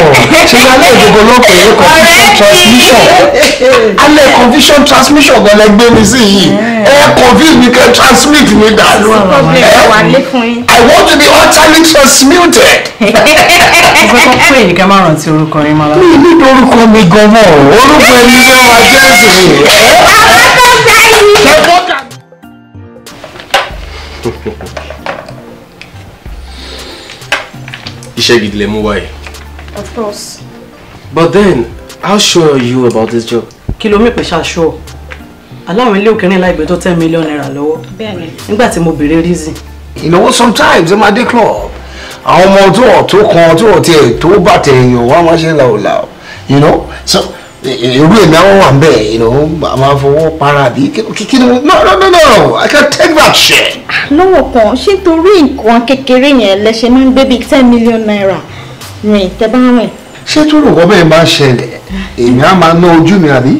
ṣe lálẹ́ ìgbogbo lọ́pọ̀ ìwé confusion transmission alẹ́ confusion transmission gan lẹ gbé mi sí yìí ẹ confuse mi kẹ transmit mi dànù ẹ I want to be utterly transmuted. ìgbẹ́ kan pé èyí ká má rántí orúkọ yín mọ́ lára. mi ní orúkọ mi gan mọ́ orúkọ ẹni ló máa jẹ́ ìsìn. àwọn tó gbá yìí. iṣẹ́ gidi lẹ of course. but then how sure are you about this job. kí ló mi pè ṣaṣọ aláwọn ilé òkèrin láìpẹ́ tó ten million naira lọ́wọ́ nígbà tí mo béèrè reason. what? sometimes in my dé club àwọn ọmọ tó to tó kan tó ọ̀ tiẹ̀ tó bàtẹ̀ èèyàn wá máa ṣe làwòlà you know so irú èmi àwọn wà bẹ́ẹ̀ you know máa fọwọ́ para bí kíkí ni no no no no i can take that shit. Ah, lọ́wọ́ kan ṣé torí nǹkan kékeré yẹn lẹ́sẹ̀ máa ń gbé bíi ten million naira rìn tẹ́ bá rìn. ṣé tó rò wọ́n bẹ́ẹ̀ máa ṣẹlẹ̀ èmi á máa ná ojú mi àbí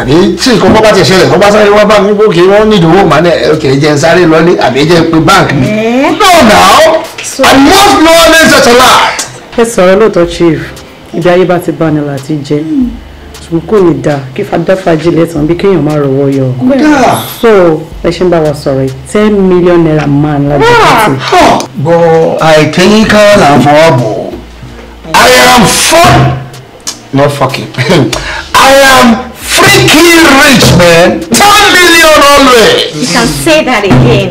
àbí tí nǹkan bá bá ti ṣẹlẹ̀ wọ́n bá sáré wá báńkì pé kí wọ́n nídìí owó màá náà kì í jẹ́ sáré lọ́lé àbí jẹ́ pé báńkì mi. Eh? no now i must know all is at all. ẹ sọ̀rọ̀ lóòótọ́ chief ibi ayé bá ti bá ni láti sùn kò lè dà kí fadáfàjì lẹ́tàn bí kéèyàn má rọwọ́ yọ. kódà so ẹ ṣe ń bá wa sọ̀rọ̀ yìí ten million naira man lábẹ́ ìpàtì. Ah, ah. bọ́ àìkẹ́yìnká là ń fọwọ́ bọ̀ I am fun not fucking I am freaking rich man ten million always. you can say that again.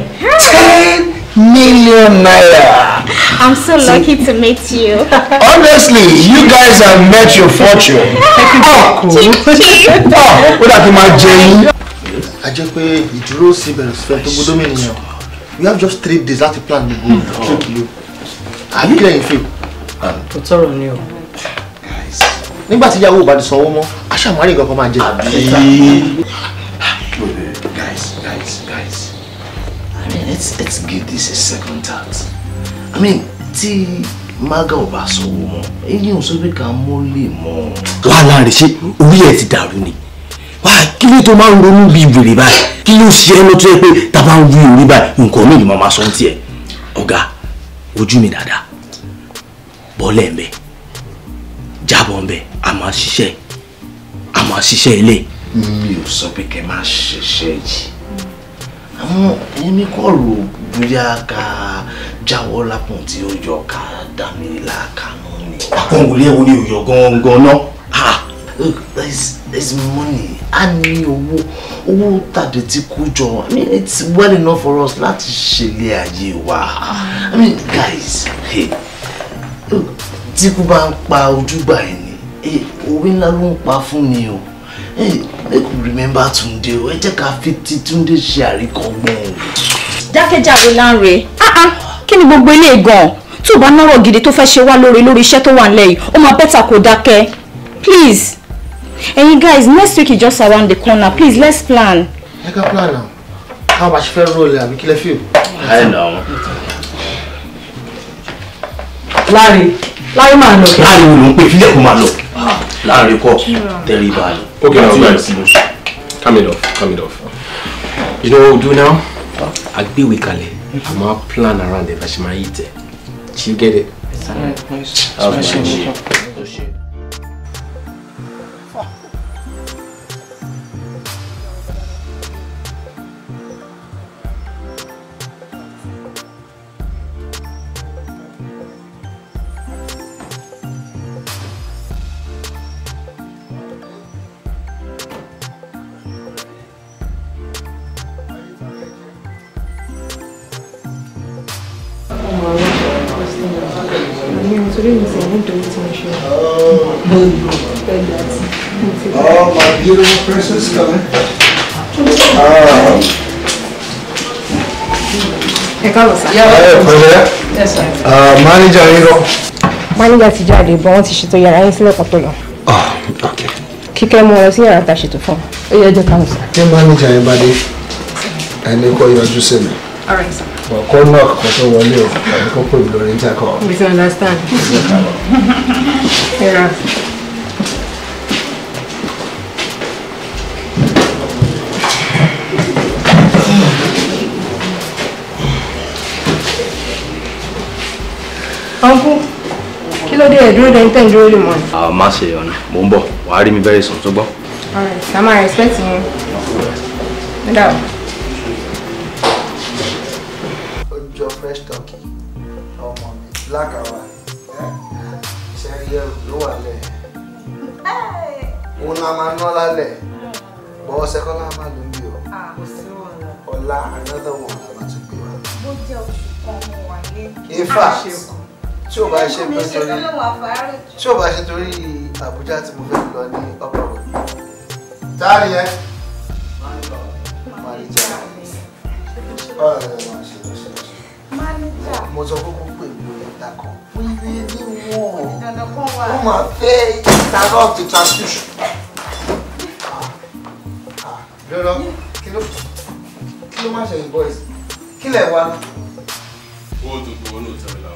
ten million naira. I'm so lucky to meet you. Honestly, you guys have met your fortune. oh, cool. oh, what happened, my Jane? A jẹ́ pé ìdúró síbẹ̀rẹ̀ síbẹ̀ tó gbódó mìíràn. We have just three days láti plan gbogbo hmm. trip yìí. Àbí kílẹ̀ yìí What's wrong, tọrọ ni o. Nígbà tí ìyàwó ò bá ti sanwó mọ́, aṣáàmú àríyìn kankan máa jẹ. Àbí. let's let's give this a second thought i mean tí maga ò so mo, mọ́ eyín ò sọ pé ká mọ́ lè Wa, wàhálà rẹ ṣe orí ẹ ti dàrú ni wàá kí ló tó máa ń ronú bíi wèrè báyìí kí ló ṣe ẹ́ lọ́tọ́ ẹ pé tá a bá ń wí mi ni mo máa sọ ń tiẹ̀ ọ̀gá ojú mi dáadáa bọ́lẹ̀ ń bẹ jábọ̀ a máa ṣiṣẹ́ a máa ṣiṣẹ́ ilé. mi ò sọ pé kẹ́ máa ṣiṣẹ́ yìí àwọn èmi kọ́ rò bóyá ká jáwọ́ lápọ̀n tí ó yọ ká dá mi láàkánú ni. àpọ̀n wòlé ẹ̀wọ̀n ni òyọ̀ gangan náà. ah there's there's money a ní owó owó tàdé tí kú jọ i mean it's well enough for us láti ṣẹlẹ̀ ayé wa i mean guys tí kú bá ń pa ojúgbà ẹni òwe ńlá ló ń pa fún ni o. Hey, make we remember Túndé o. Ẹ jẹ́ ká fi ti Túndé ṣe àríkọ́gbọ́n. Jákèjádò Lánre. Ah, ah. Kí ni gbogbo ilé gan-an? Tó o bá náwó gidi tó fẹ́ ṣe wá Lori. lórí iṣẹ́ tó wà nílẹ̀ yìí, ó máa bẹ́tà kó dákẹ́. Please. Ẹyin guys, next week is just around the corner. Please, let's plan. Ẹ ká plan now. How much ṣe fẹ́ rólẹ̀ àbí kílẹ̀ fíìmù. Ẹ nà. Lánre láyé máa lọ. láàrin òun pé fílẹ̀ kó máa lọ láàrin kọ́ tẹ̀rí bá ok now guys calm it off calm it off you know what we do now agbéwè kalẹ̀ a máa plan around it. bá she máa yí tẹ̀ She get it. That's my oh, shit. is coming. Ẹ káàbọ̀ sá. Ẹ pẹ̀lẹ́. Uh, máníjà yín lọ. Máníjà ti jáde bọ́, wọ́n ti ṣètò yàrá yín sílẹ̀ kan tó lọ. Ah, Kíkẹ́ mú ọ sí yàrá ta ṣètò fún ọ. Ó yẹ jẹ́ káàbọ̀ sá. Ṣé máníjà yín bá dé? Ẹni kọ́ yọjú sí mi. Bọ̀ knock kó tó wọlé o, tàbí kó pè mí lórí intercom. We understand. Ẹ ọ̀nkú kí ló dé ẹ̀dúró dẹ́ni tẹ́ ń dúró lè mọ́ ni. àwọn má ṣe ọ̀nà mò ń bọ̀ wàá rí mi very soon tó gbọ́. alright I ma respect yín. ó dà o. ojú fresh turkey ọmọ mi black hour ṣẹ́rí ẹrù ló wà lẹ̀ òun náà máa ná lálẹ̀ bọ́ọ̀ sẹ́kọ́lá máa lò ń bí o ah, ọ̀la another one la máa tún gbé wa. bó jẹ́ oṣù kan mo wà ní. ifá tí ò bá ṣe pé torí tí ò bá ṣe torí Àbújá tí mo fẹ́ lọ ní ọkọ̀ rẹ̀ táàrí ẹ máníjà ọ̀rọ̀ rẹ̀ máa ṣe lọ́sẹ̀ máníjà mo sọ fún kókó èmi ò yàtà kan wíwí ní wọ́n ó máa fẹ́ interrupt the transmission. lọ́rọ́ kí ló kí ló má ṣe yìnbọn kí lẹ̀ wá. owó tuntun wọn ò tẹ̀lé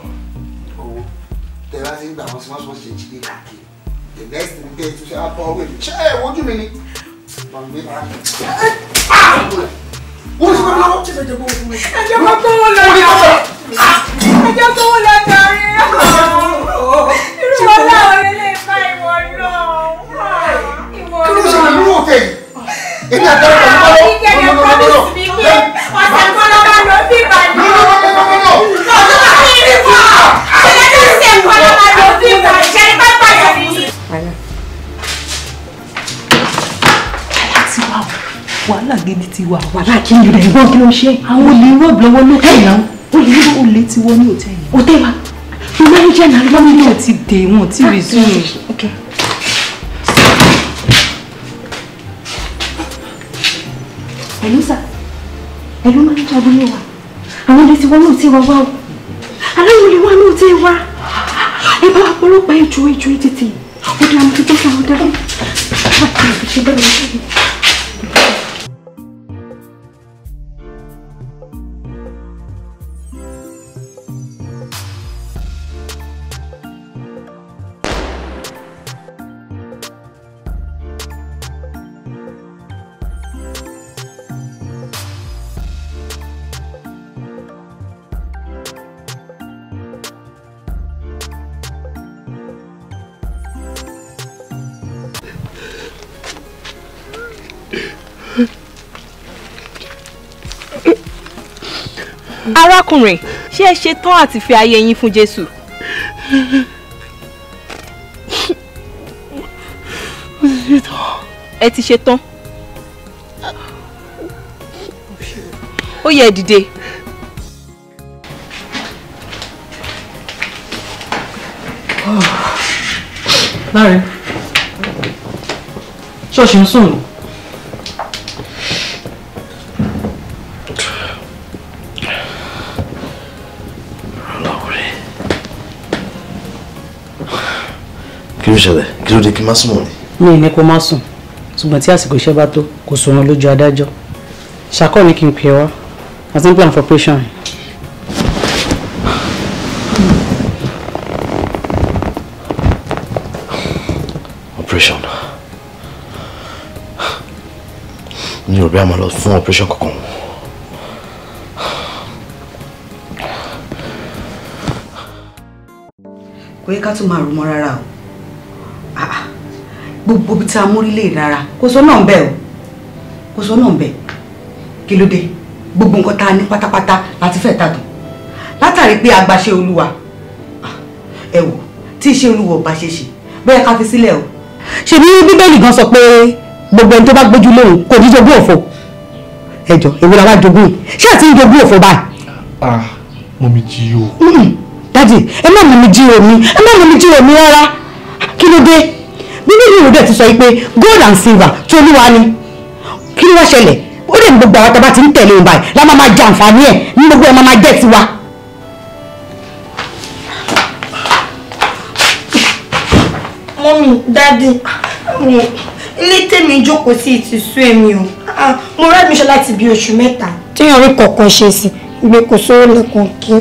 tẹ bá ti ń gbà wọn sí wọn sọ ṣe jíde káàkiri the next thing tẹ to ṣe á bọ ọwọ́ èdè ṣé ẹ wojú mi ni. wọ́n ti bá lọ́wọ́. ṣé ìjọba owó fún mi. ẹjẹ kó tó wọn lọ yà ẹjẹ tó wọn lọ darí ah, irú wọn láwọn ilé ìfá ìwọ náà ìwọ náà. kí ló ṣe lè lúwọ̀ kẹ́ yìí. èmi àtàwọn ọmọ ọmọ ọmọ ọmọ ọmọ ọmọ ọmọ ọmọ ọmọ ọmọ ọmọ ọmọ ọmọ ọmọ bí ìgbà ìṣẹ́ ní wàhálà gidi ti wà wàhálà kí ni rẹ̀ gbọ́n kí ló ń ṣe àwọn olè rọ́ọ̀bù lọ́wọ́ ló kẹ́ ìyàwó olè rọ́ọ̀bù olè ti wọ ní òtẹ́ẹ̀lì òtẹ́ẹ̀lì wa mo máa ń jẹ́ náà lọ́wọ́ ní òtí dè wọ́n ti rí ẹ̀lú sà ẹ̀lú máa ń jagun ní wa àwọn olè ti wọ ní òtí wa wá o aláwọ̀ olè wa ní òtí wa ẹ bá wa pọ́lọ́pàá ẹjọ́ ẹjọ́ títì ó dáa mo ti jẹ́ kí àwọn dábàá arákùnrin ṣé ẹ ṣe tán àti fi ayé yín fún Jésù. ẹ ti ṣe tán. ó yẹ dìde. láre ṣọ́ọ̀ṣì ń sùn nù. ló ṣẹlẹ̀ kí ló dé kí n má sùn mọ́ ni. mi ì ní kó má sùn ṣùgbọ́n tí àsìkò iṣẹ́ bá tó kò sòrun lójú adájọ́ ṣàkọ́ ni kí n pè wá i think plan for patient. mi ò rí àmọ́ lọ fún operation kankan. kò yẹ ká tún máa rò mọ́ rárá o gbogbo ibi tí a mórí lè rárá kò sọ náà bẹ́ẹ̀ o kò sọ náà bẹ́ẹ̀ kí ló dé gbogbo nǹkan tá a ní pátápátá láti fẹ́ tà tán látàrí pé agbaṣẹ́ olúwa ah, ẹ wò tí iṣẹ́ olúwa ọba ṣe ṣe bẹ́ẹ̀ ká fi sílẹ̀ o. ṣebí bíbélì gan sọ pé gbogbo ẹni tó bá gbójú lóhùn kò ní jogún òfò ẹjọ èwo la wá jogún ṣé àti ń jogún òfò báyìí. ah mọ̀mí jí o. dádì ẹ má mọ̀mí jí o mi ẹ má mọ̀mí jí o mi rárá kí ló dé nínú ìlú rẹ̀ ti sọ pé gold and silver tí olúwa ni kí ló wá ṣẹlẹ̀ ó lè ní gbogbo àwọn tàbá ti ń tẹ̀lé òun báyìí la máa máa jẹ àǹfààní ẹ̀ ní gbogbo ẹ̀ máa máa jẹ́ tiwa. mọ́mí dáàdì ilé tèmi jókòó sí ti sú èmi o ah, mo rẹ́ mi ṣe láti bí oṣù mẹ́ta. téèyàn rí kọ̀ọ̀kan ṣe sí ìgbé kò sówó lẹ́kọ̀ọ́ kí.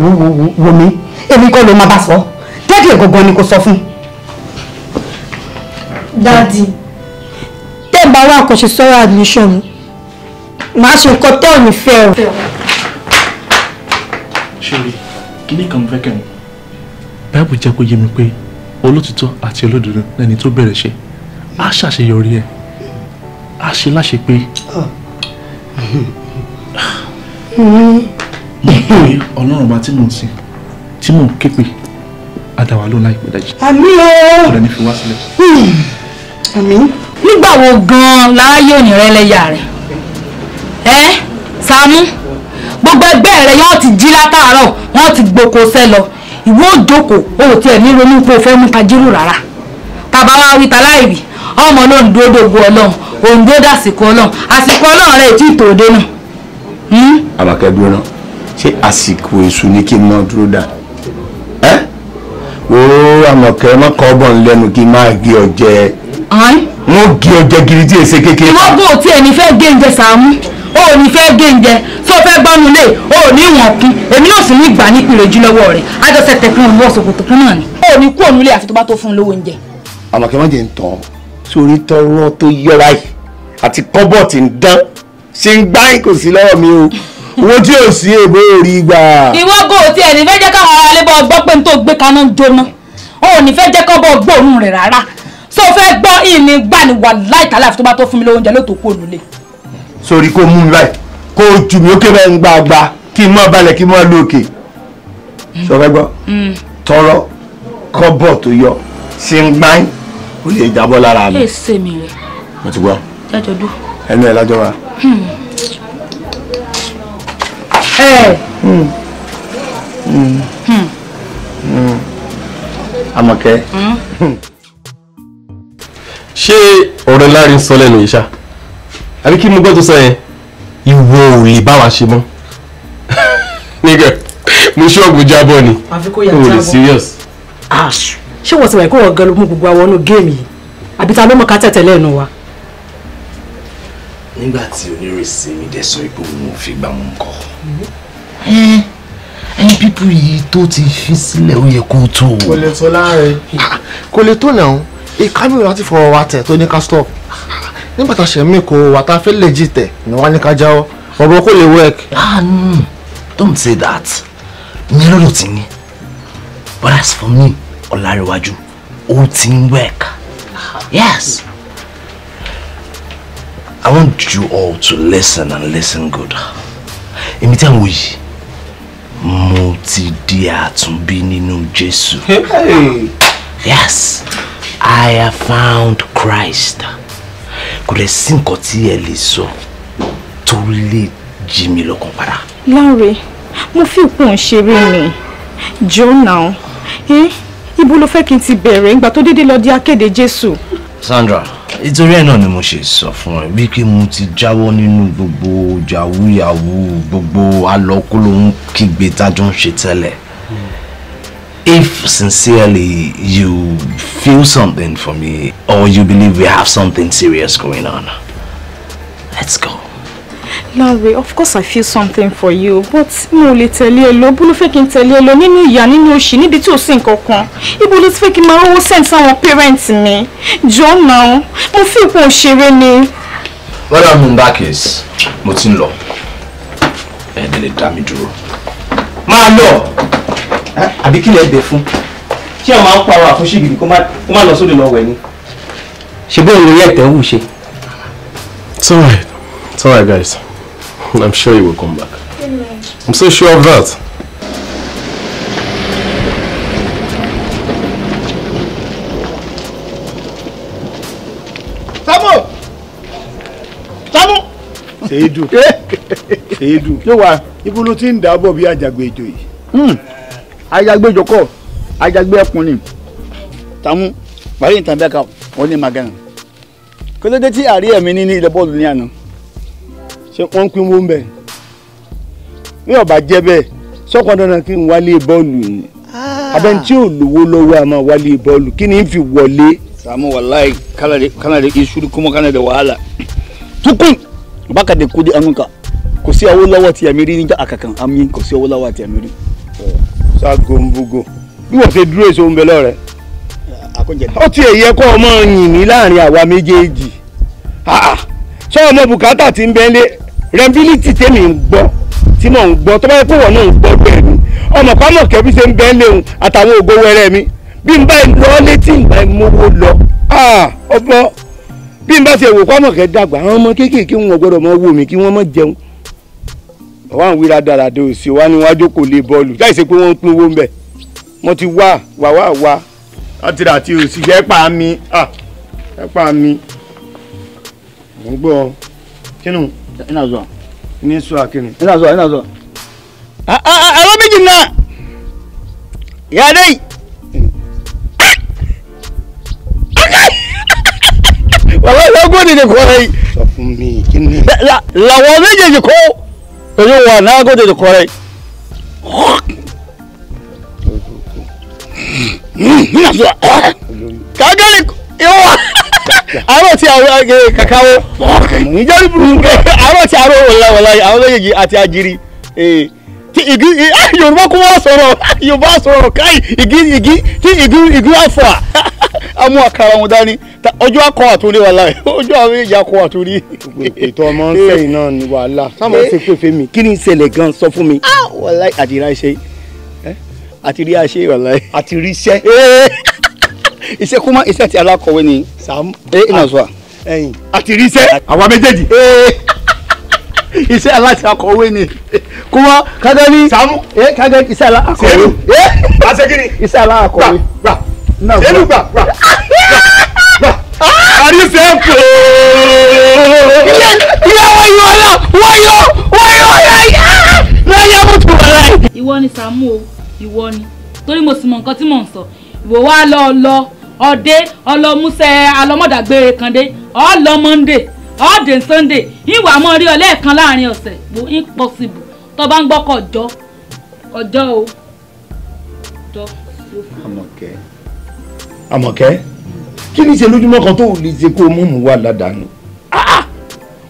wo wo wo mi èmi kọ́ ló máa bá sọ dádì ẹ̀ ni kò sọ fún un dáàdì tẹ́ ẹ̀ bá wà kò ṣe sọ́rọ̀ admission màá ṣe nǹkan tẹ́ ò ní fẹ́ o. ṣeré kíní kan fẹ́ kẹ́hìn. báàbù jẹ́ kó yé mi pé olótìtọ́ àti olódodo lẹ́ni tó bẹ̀rẹ̀ ṣe á ṣàṣeyọrí ẹ̀ á ṣe láṣẹ pé. mo pè ọlọ́run ọba tí mò ń sìn tí mò ń képe àdàwà ló láìpẹ́ dájú. àmì ooo. kò dẹ̀ fi wá sílẹ̀. Hmm nígbà wo gan-an láráyé òní rẹ lẹ́yà rẹ̀ ẹ́ Sàámú gbogbo ẹgbẹ́ rẹ̀ yóò ti jí látàárọ̀ wọ́n ti gboko sẹ́ lọ ìwọ òjòkó o ò tiẹ̀ ní ronú pé o fẹ́ mú tajírù rárá tàbá wa wí ta láì wí ọmọ ló ń dúró dògbò ọlọ́run òun dúró dàsìkò ọlọ́run àsìkò ọlọ́run rẹ̀ ètí ìtòdé náà. Hmm? àbàkẹ́ dúró náà ṣé àsìkò èṣù ni kí n máa dúró dáa ooo àmọ̀kẹ́ má kọ́ bọ̀ ń lẹ́nu kí n máa gé ọ jẹ. mo gé ọ jẹ gidi tí èsè kékeré. ìwọ bò tí ẹni fẹ́ gé oúnjẹ sàámú o ò ní fẹ́ gé oúnjẹ tó o fẹ́ gbọ́nu lé o ò ní ìwọ̀n kún èmi náà sì ní ìgbà ní ìpìlẹ̀ ojú lọ́wọ́ rẹ̀ àjọṣe tẹ̀kún òun wọ́n ṣòkòtò kún náà ni. o ò ní kú òun lé àfi tó bá tó fún un lówó oúnjẹ. àmọ̀kẹ́ má jẹ́ ń tàn sórí tọrọ tó yọra yìí àti kọ́bọ̀tì ń dán ṣe ń gbáyìn kò sí lọ́wọ́ mi o owó tí ò sí èbó rí gbà. ìwọ kò tiẹ̀ ní fẹ́ jẹ́ káwọn ará lébọ̀ gbọ́ pé n tó gbé kaná jóná o ò ní fẹ́ jẹ́ kọ́ bọ́ gbóòórùn rẹ̀ rárá so fẹ́ gbọ́ ìní gbà ní wà láìtàlá àfi tó bá tó fún mi lóúnjẹ ló tó kú òlùlé. sori kó mú mi báyìí kó o jù mí ókè bẹ́ẹ̀ ń gba agba kí n mọ̀ balẹ̀ kí n mọ̀ lókè sọ fẹ́ gbọ́ mm. tọrọ kọ́bọ̀ tó yọ ṣe ń gbáyìn ó lè jábọ́ lára mi. ẹ ṣe mi rẹ. mo ti gbọ́. ẹ jọ dún. ẹnu ẹ lájọ wa. Hmm. Àmọ̀kẹ́ hmm. hmm. hmm. ṣé ọ̀rọ̀ láàrin ń sọ lẹ́nu ìṣá àbí kí mo gbọ́ tó sọ yẹn ìwọ ò lè bá wa ṣe mọ́ nígbà mo ṣọ́ọ̀bù jábọ̀ ni kò lè serious. Ah, ṣé wọ́n ti wà kó wọ́n gan ló mú gbogbo àwọn inú géèmì yìí àbí ta ló mọ̀ ká tẹ̀tẹ̀lẹ̀ ẹnu wa. nígbà tí onírèsí mi dẹ̀ sọ pé òun ò fi gbà mú nǹkan ẹyin eh, pípú yìí tó ti fi sílẹ̀ ó yẹ kó tó. kò lè tó láàrin. Ah, kò lè tó náà ìkábíyèsí láti fọwọ́ wa tẹ̀ tó ní ká stop nígbà tá a ṣe mí kó wa tá a fẹ́ lè jí tẹ̀ ni wọ́n á ní ká jáwọ́ ọ̀bọ̀ kò lè work. ah no don't say that mi lọ́dọ̀ tí ni but as for me ọ̀làríwájú ó ti ń work yes. I want you all to listen and listen good èmi tí àwọn òyì mo ti di àtúnbí nínú Jésù. yes I have found Christ kò lè sí nǹkan tí ẹ lè sọ tó lè jí mi lọ́kàn padà. Láre mo fi ìpò ṣeré ni jọ́nà eh? ibo ló fẹ́ kí n ti bẹ̀rẹ̀ ìgbà tó dédé lọ di akéde Jésù. Sandra nítorí ẹ̀ náà ni mo ṣe sọ fún ẹ bí kí mo ti jáwọ́ nínú gbogbo jàwúyàwú gbogbo alọ́kólóhùn kígbe tájọ́ ń ṣe tẹ́lẹ̀ if sincerely you feel something for me or you believe we have something serious going on let's go. Láre, of course I feel something for you, but mo lè tẹ̀lé ẹ lọ, bólú fẹ́ kí you tẹ̀lé ẹ lọ nínú ìyà nínú òṣì níbi tí ò sí nǹkan kan. Ibo ló ti fẹ́ kí n máa rówó send sáwọn parents mi? Jọ̀ọ́ náà, mo fi ipò òṣèré ni. Madam Mbakis, mo ti ń lọ. Ẹ̀ẹ́dẹ̀ lè dá mi dúró. Máa lọ! Àbí kí lè bẹ̀ fún? Ṣé àwọn máa ń parọ́ àfúnṣe gidi kó má lọ sóde lọ wẹ̀ ni? Ṣé bóun ló yẹ ẹ̀tẹ̀ wù ṣe? It's alright. It's alright, guys. I'm sure he will come back. I'm so sure of that. do, do. You you if Sabo! Sabo! Ṣèédú. Ṣèédú. Ṣé wàá ibo ló ti ń dábọ̀ bí àjàgbé ìjọ yìí? Hmm. Àjàgbé ìjọkọ̀, àjàgbé ẹkùn ni. Tàmú, parí ìtàn bẹ́ẹ̀ ká, wọ́n ní màgànà. Kí ló dé tí àárẹ̀ mi ní ní ilẹ̀ bọ́ọ̀lù ní àná? ṣé wọ́n ń pinwó ń bẹ̀ ní ọ̀bà jẹ́ bẹ́ẹ̀ sọ́kàn dandan kí n wálé bọ́ọ̀lù yìí ah. abẹ́ni tí ò lówó lọ́wọ́ a máa wálé bọ́ọ̀lù kí ni n fi wọlé. sàmú wàláyé kánà de iṣu kúmọ kánà de wàhálà tukun bákà de kó di anú kan kò sí owó lọ́wọ́ tí àmì rí níjà àkàkàn àmì kò sí owó lọ́wọ́ tí àmì rí. ṣàgòǹbùgò bí wọ́n ṣe dúró èso ń bẹ lọ́rẹ̀. ó ti èyẹ kọ́ ọmọ yìnyín láàrin àwa méjèèjì ṣé ọmọ bùkátà ti ń bẹ́ńlẹ̀ rẹ́ńbílítì tèmi ń gbọ́ tí mò ń gbọ́ tó bá yẹ kó wọ̀ náà ń gbọ́ bẹ́ẹ̀ ni ọmọ pamọ́ kẹ́bí ṣe ń bẹ́ẹ̀ léhùn àtàwọn ògo wẹrẹ mi bí n bá lọ létí ìgbà ìmọ̀wó lọ ọbọ̀ bí n bá ṣe wò pamọ́ kẹ́ dàgbà àwọn ọmọ kéékèèké wọn gbọ́dọ̀ mọ wò mí kí wọ́n mọ jẹun ọwọ́ àwọn wíra dáradá òsì wa níwájú kò lè bọ́ọ̀lù láì ṣe pé wọ́n ń pín owó ń mo ti wá wà wá wá láti rà tí òsì jẹ́ pa mi ẹ pa mi mo ń gbọ́ kínú ina zuwa ni su a kini ina zuwa ina zuwa a a a a mijin na ya dai wallahi na gode da kwarai lawa zai je ko da yawa na gode da kwarai ina zuwa ka gane yawa àárọ̀ tí àárọ̀ kàkàwọ́ ìjọ́rí burúkú àárọ̀ tí àárọ̀ wọ̀lá àwọn méjèèjì àti àjírí tí igi ah, yorùbá kó wọ́n sọ̀rọ̀ yorùbá sọ̀rọ̀ káì igi igi tí igi igi àfọ̀ àmú àkàrà wọn dání ọjọ́ akọ àtúndé wàhálà ọjọ́ àwọn méjèèjì akọ àtúndé. ètò ọmọ ń sẹ́yìn náà ni wàhálà sábà ṣe pé fèmí kí ni ìṣẹ̀lẹ̀ gan sọ fún mi ah, wàhálà àti ìráṣẹ́ àti rí àṣẹ wàhálà àti rí iṣẹ́. Eh, iṣẹ́ kó má iṣẹ́ ti alákọ̀wé ni. sam ẹ ẹ náà sọ. ẹyin àti rí iṣẹ́. àwa méjèèjì. Eh, iṣẹ́ aláti akọ̀wé ni kó má kájọ ní. samu ẹ eh, kájọ iṣẹ́ ala akọ̀wé. sẹ́lù aṣẹ́gìrì. Eh, iṣẹ́ ala akọ̀wé. gbà gbà sẹ́lù gbà gbà gbà. àrí sẹ́ẹ̀kù. ilé wáyọ̀ ọ̀la wáyọ̀ wáyọ̀ ọ̀la yá lọ́yà mọ̀tò ọ̀la. ìwọ ni samu o ìwọ ni torí mo sì mọ nǹkan tí mò ń sọ ìwọ wa lọ lọ ọ̀dẹ́ ọlọ́músẹ́ alọ́mọ̀dàgbére kan dé ọlọ́mọ́ndé ọ̀dẹ́ sunday ìwà mọ́ rí ọ lẹ́ẹ̀kan láàrin ọ̀sẹ̀ bó impossible tó bá ń gbọ́kọ̀ ọjọ́ ọjọ́ o. àmọ̀kẹ́ àmọ̀kẹ́ kí ni ṣe lójúmọ́ kan tó lè ṣe kó o mú mu wà ládàánù ah, ah.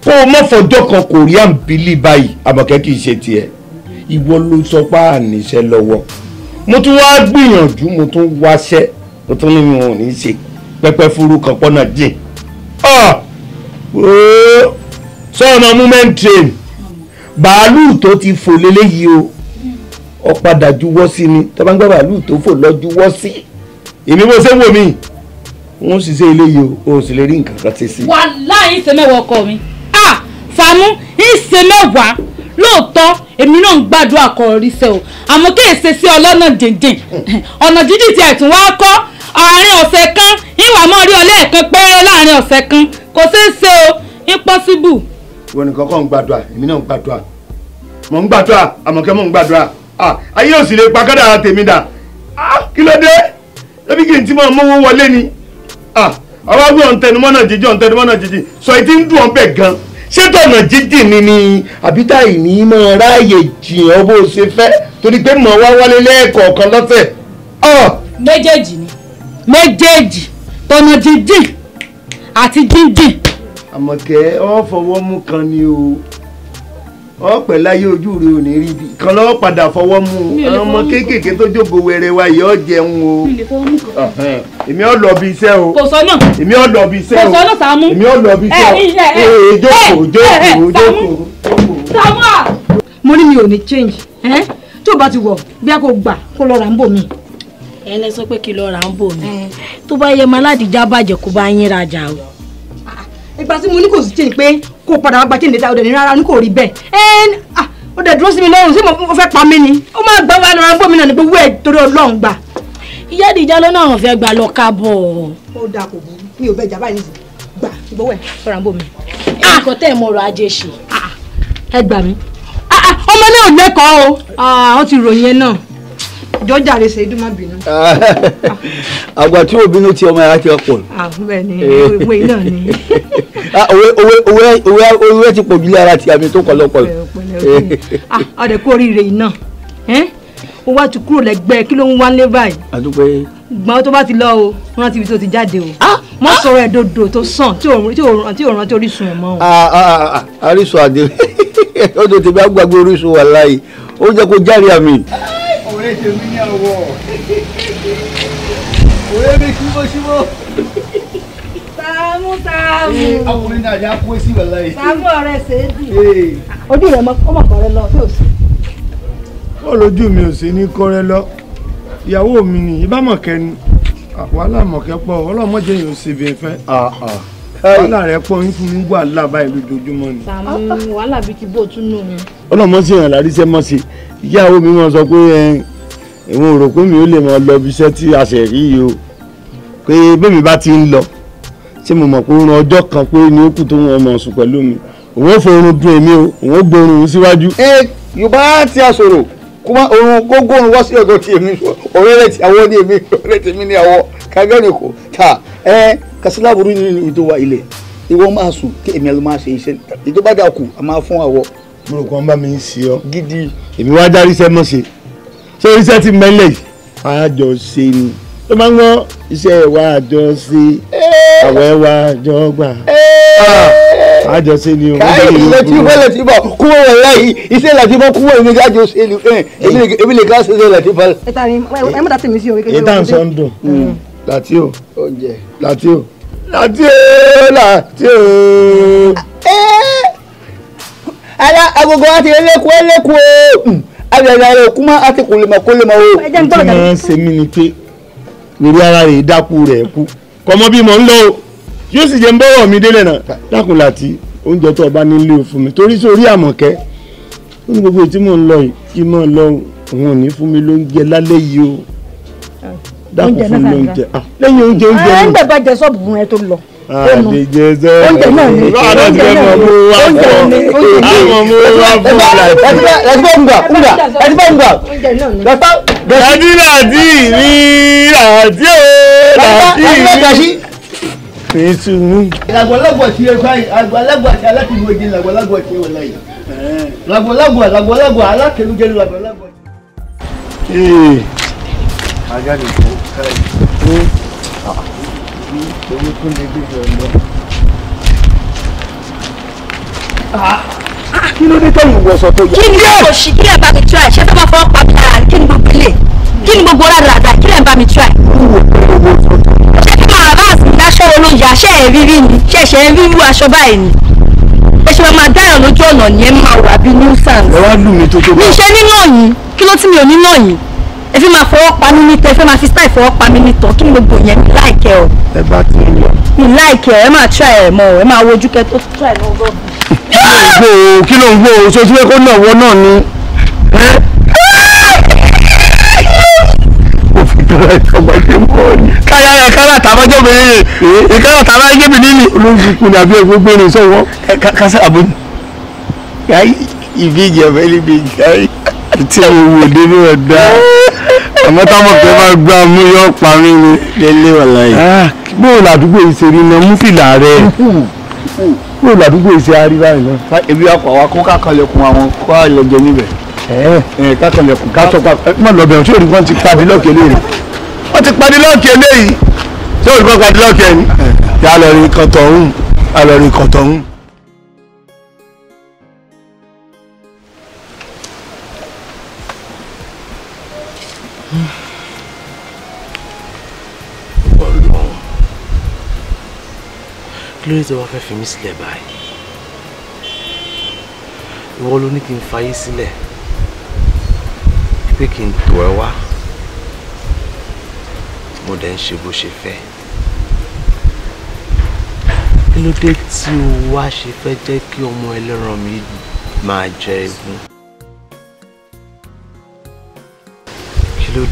kó o mọ̀ fọjọ́ kan kò rí àǹbílì báyìí àmọ̀kẹ́ kì í ṣe tiẹ̀ ìwọ ló sọ pé àníṣe lọ́wọ́ mo tún wá gbìyànjú mo tún wáṣẹ́ mo tún ní mi ò ní í ṣe pẹpẹ furu kan pọ́nà dín sọ́ọ̀nà moment train bàálù tó ti fò léléyìí o ọ̀padà juwọ́ sí ni tó bá ń gbọ́ bàálù tó fò lọ juwọ́ sí èmi bó ṣe wò mí wọ́n sì eléyìí o ò sì lè rí nǹkan kan ṣe sí. wàláhì ìṣe mẹ́wàá ọkọ mi ah Sàámú ìṣe mẹ́wàá lóòótọ́ èmi náà ń gbàdúrà kọ oríṣẹ́ o àmọ́ kí èsè sí ọlọ́nà dìndín ọ̀nà jíjìn tí ẹ̀tún wá kọ́ àárín ọ̀sẹ̀ kan ìwà mọ́ rí ọlẹ́ ẹ̀kan péré láàárín ọ̀sẹ̀ kan kò ṣeé ṣe o impossible. wo nìkan kọ́ ń gbàdúrà èmi náà ń gbàdúrà mò ń gbàdúrà àmọ̀kẹ́ mò ń gbàdúrà ayé òsì lè pa kádàrá tèmi dà kí ló dé ẹbí kì í ti máa mówó wọlé ni àwa wí ọ̀ǹtẹnumọ́nà jíjìn ọ̀ǹtẹnumọ́nà jíjìn sọ èyí tí ń dùn ọ́n bẹ̀ gan ṣé tọ̀nà jíjìn ni ni àbí táyì ní í máa ráàyè jìyàn bó ṣe fẹ́ torí pé mọ̀ wá wálé lẹ́ẹ̀kọ̀ọ̀kan lọ́sẹ̀. méjèèjì ni méjèèjì tọ̀nà jíjìn àti jíjìn. àmọ̀kẹ́ ọ fọwọ́ mú kan ni o ọpẹ láyé ojú rẹ ò ní rí ibi kan lọ padà fọwọ́ mú àwọn ọmọ kéékèèké tó jókòó wẹrẹ wa yìí ọ jẹun o èmi ọ lọ bí iṣẹ́ o kò sọ náà èmi ọ lọ bí iṣẹ́ o kò sọ náà Sàámú èmi ọ lọ bí iṣẹ́ o ee jókòó jókòó jókòó. Sàámú à. mo ní mi ò ní change tí o bá ti wọ̀ bí a kò gbà kó lọ ra ń bò mí. ẹ lẹ sọ pé kí lọ ra ń bò mí tó bá yẹ mọ aládìjà bàjẹ́ kó bá yín rajà o ìgbà tí mo ní kò sí chain pé kò padà wá gba chain data ọ̀dẹ̀ ní rárá ní kò rí bẹ́ẹ̀ ẹn ah, ó dẹ̀ dúró sí mi lọ́rùn sí mo fẹ́ pa mí ni ó máa gbá wa lọ́ra gómìnà ní gbogbo ẹ̀ torí ọlọ́run gbà. ìyá ìdíjà lọ́nà àwọn fẹ́ gbà lọ kábọ̀. ó dáa kò burú mi ò bẹ jà báyìí nìyí gbà gbowó ẹ lọ́ra bò mí. Ah! ẹ̀kọ́ tẹ́ ẹ̀ mọ ọ̀rọ̀ ajé ṣe. Ah, ẹ gbà mí. ọmọ náà lẹ́kọ̀ọ́ o. ó ti ròyìn ẹ náà jọ jàre ṣe dúmọ̀ bínú. àgbà tí obìnrin ti ọmọ yàrá ti pọ̀. Ah, bẹ́ẹ̀ ni ìwé náà ni. Ah, owó ti pọ̀ jù lára ti àmì tó pọ̀lọpọ̀. ọ̀dẹ̀ ah, kú oríire iná ó wá ti kúrò lẹ́gbẹ́ kí ló ń wá lé báyìí. àdúpẹ́. gbọ́n tó bá ti lọ o rántí ibi tó ti jáde o. mọ sọ̀rọ̀ ẹ̀dọ̀dọ̀ tó sàn tí ò rántí orísun ẹ̀ mọ́ o. àrísùn àdé ó dé tèmi àgbàgbé orísun wà láàyè ó jẹ́ kó járe àmì fẹsẹ̀ ah, ah. oh, oh, mi ní ọwọ́ òye mi ṣubú ṣubú. Sàámú Sàámú. ọkùnrin náà yà kó sí wẹ̀lẹ̀ yìí. Sàámú ọ̀rẹ́ ṣèédì. ojú rẹ̀ ọmọ kan rẹ lọ sí òsì. bọ́ọ̀lù ojú mi ò sí ní kọ́rẹ́ lọ ìyàwó mi ni ìbámọ̀kẹ́ ni wàhálà mọ̀kẹ́ pọ̀ ọlọ́mọdé yìí ò sì bí fẹ́ wàhálà rẹ pọ̀ ń fún mi wà lábàá ìlú ojoojúmọ́ ni. Sàámú wàhálà bíi ti bó tún nù. ọlọ́mọ sí ìrànlá ríṣẹ́ mọ́ sí ìyàwó mi mọ̀ sọ pé ìwọ̀n rò mi ò lè máa lọ ibi iṣẹ́ tí a ṣẹ̀ rí yìí o pé bẹ́mi bá ti ń lọ ṣé mo mọ̀ pé oorun ọjọ́ kan pé ní ó kù tó wọn mọ̀ sùn pẹ̀lú mi òun ò forun dun èmi o òun ò gbórun síwájú. ẹ yorùbá ti a sọ̀rọ̀ kó má oorun kó gbórun wá sí ọ̀dọ̀ ti èmi ọ̀rẹ́ rẹ̀ ti àwọn ní èmi ọ̀rẹ́ tèmi ní àwọ̀ kágẹ́ni kò ta ẹ kásíláàbùrú nínú ìdówà ilẹ̀ ìwọ máa sùn kí èmi ló máa ṣe iṣẹ́ ìdó bá dà kù a máa fún àwọ̀. mo rò kàn bá mi ń ṣe ọ. gidi èmi wá dárí iṣẹ́ ṣe ṣé iṣẹ́ ti mẹ́lẹ̀ yìí àjọṣe ni ló máa ń gbọ́ iṣẹ́ wa àjọṣe àwẹ̀ wa àjọgbà ah! àjọṣe ni o. káyọ̀ iṣẹ́ tí wọ́lẹ̀ tí bọ̀ kúrò wọ̀ láyìí iṣẹ́ láti bọ́ kúrò èmi ká jọ ṣe èmi lè ká ṣe ṣe láti bọ̀. ẹ ta ni ẹ mọ̀ dàtí mi sí orí kékeré. ìtàn sọ́ndùn mm. mm. láti o láti o láti o láti eh! o. ara agogo wa ti eléku eléku o. Mm ayẹyẹ kuma a kolema kolema o. ẹ jẹ́ n gbọ́dọ̀ tẹ̀lé. ìtumọ̀ sẹ́mi ni pé lórí ara rẹ̀ dákú rẹ̀ kú kọ́mọ bí mo ń lọ o yóò sì jẹ́ ń bọ́wọ̀ mi délẹ̀ náà dákun láti oúnjẹ tó o bá nílé o fún mi torí sórí àmọ̀kẹ́ ó ní gbogbo tí mò ń lọ yìí mò ń lọ òun ò ní fún mi lóúnjẹ lálẹ́ yìí o ah, dákun fún mi lóúnjẹ ah, lẹ́yìn oúnjẹ oúnjẹ mi. Ah, ẹ ń gbẹ̀gbẹ̀ jẹ sọ́ọ̀bù rẹ tó lọ àdìjẹ sọ oúnjẹ náà ni oúnjẹ náà ni oúnjẹ ni oúnjẹ ni ẹtibọ ngba ngba ẹtibọ ngba dọta dọti láti rí láti ó láti rí fèsì mi. làgbàlagbà ti ẹ fáyì àgbàlagbà ti alátìmọ̀ èdè làgbàlagbà ti wọ̀ láyé làgbàlagbà làgbàlagbà alákẹ́lújẹ ni làgbàlagbà. ee ajá lè fọ́ káyọ̀ sí owó tó lè gbé yọ̀ lọ. kí ló dé tẹ́yìn wọ̀sọ̀ tó yẹ. kí ni kò sí kí lè bá mi tíra ṣé tó bá fọwọ́ pa mi lára kí ni gbogbo ilé kí ni gbogbo rárá rárá kí lè bá mi tíra. ṣé kí màá bá àsìkò aṣọ wo ló yà ṣe ẹ̀ rírí ni ṣe ṣe ń ríru aṣọ báyìí ni ẹ ṣe máa dáyàn lójú ọ̀nà yẹn máa wà bí nuisance. ẹ wá lù mí tó tó bá. mi ṣe nínú ọ̀yìn kí ló tí mi ò nínú ọ̀yìn ẹ fi máa fọwọ́ pa mí nítọ́ ẹ fẹ́ máa fi style fọwọ́ pa mí nítọ́ kí gbogbo yẹn mi láìkẹ́ o. ẹ bá ti ń lọ. mi láìkẹ́ ẹ máa try ẹ mọ ẹ máa wojú kẹ tó try lọ gbọ́. kí ló ń gbó o kí ló ń gbó o ṣé o ti fẹ́ kó náà wọ náà ni. káyà ẹ kára tàbájọ́ mi nílì ìkára tàbájọ́ mi nílì. olóṣù kùn ní àbí ẹ gbogbo ẹni sọ̀wọ́. kásá àbójú. ìbí ìjẹ̀bẹ̀ ni bí ìjẹ́ àti àwọn òwò dé ní ọ̀dà ọmọ táwọn fẹ́ máa gbá mú yọ parí ni. lélẹ́ wàlá yìí. Ah, bóòlù àdúgbò yìí ṣe rí iná mú fìlà rẹ bóòlù àdúgbò yìí ṣe á rí báyìí náà. ebi ọkọ̀ wa kó kákanlẹ̀kùn àwọn kó àlọ́jẹ níbẹ̀. kákanlẹ̀kùn kátó pa má lọ bẹ̀rù tí òòrùn kan ti padì lọ́ọ̀kì eléyìí wọ́n ti padì lọ́ọ̀kì eléyìí tí òòrùn kan padì lọ́ọ̀kì ẹni. yà á lọ rí kọ̀tọ̀ ọ̀hún kí ló dé tí wọ́n fẹ́ fi mí sílẹ̀ báyìí ìwọ ló ní kí n fayé sílẹ̀ pé kí n tò ẹ́ wá mo dẹ̀ ń ṣe bó ṣe fẹ́ kí ló dé tí o wá ṣe fẹ́ jẹ́ kí ọmọ ẹlẹ́ran mi máa jẹ egun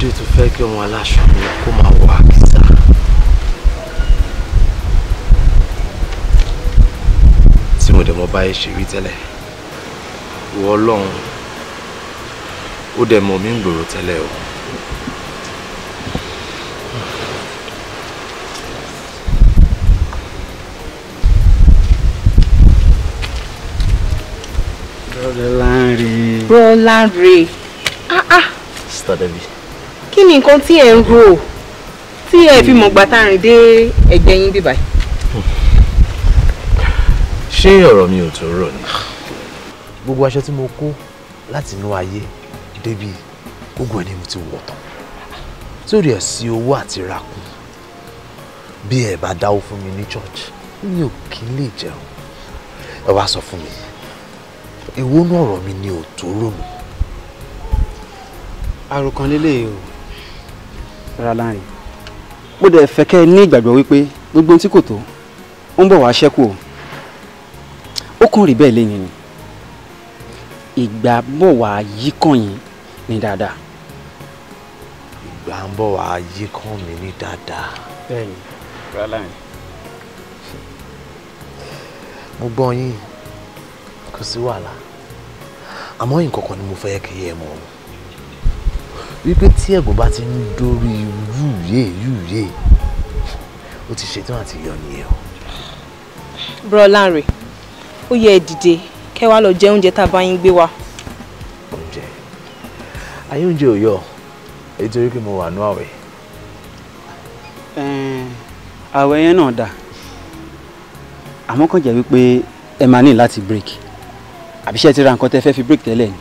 kí tó fẹ́ kí ọmọ aláṣọ mi kó máa wà. dẹ̀ mọ̀ báyìí ṣe rí tẹ́lẹ̀ ìwọ ọlọ́run ó dẹ̀ mọ̀ mí ń gbòòrò tẹ́lẹ̀ o. Brọ́láńre. Brọ́láńre. Ah ah. Sista Debbie. Kí ni nǹkan tí ẹ ń rò tí ẹ fi mọ̀gbà tá a rìn dé ẹ̀gbẹ́ yín bíbáyìí? ṣé ọ̀rọ̀ mi ò tó rò ni. gbogbo aṣọ tí mo kó láti inú ayé débi gbogbo ẹni mo ti wọ̀ tán sórí ẹ̀ sí owó àti rakun bí ẹ bá dáwó fún mi ní church mi ò kí n lè jẹun ẹ wá sọ fún mi èwo nú ọ̀rọ̀ mi ni ò tó rò mí. àròkàn lélẹ̀ o rárá láàrin mo dẹ̀ fẹ́ kẹ́ ẹ ní ìgbàgbọ́ wípé gbogbo ohun tí kò tó ó ń bọ̀ wá ṣẹ́kù o ó kàn rí bẹ́ẹ̀ lẹ́yìn ni ìgbà bọ̀ wá yí kàn yín ní dáadáa. ìgbà ń bọ̀ wá yí kàn mí ní dáadáa. bẹ́ẹ̀ni rárá mo gbọ́ yín kò sí wàhálà àmọ́ yín kankan ni mo fẹ́ kí ẹ mọ̀ wípé tí ẹ̀gbọ́n bá ti ń dórí yúùyé yúùyé ó ti ṣetán àti yọ nìyẹn o. bro Lanre ó yẹ ẹ dìde kẹ́ wá lọ jẹ oúnjẹ tá a bá yín gbé wa. oúnjẹ ayé oúnjẹ ò yọ nítorí pé mo wà ní àwẹ̀. àwẹ̀ yẹn náà dà àmọ́ kàn jẹ́ wípé ẹ máa ní láti break àbí ṣé ti ra nǹkan tẹ́ fẹ́ fi break tẹ́lẹ̀ ni.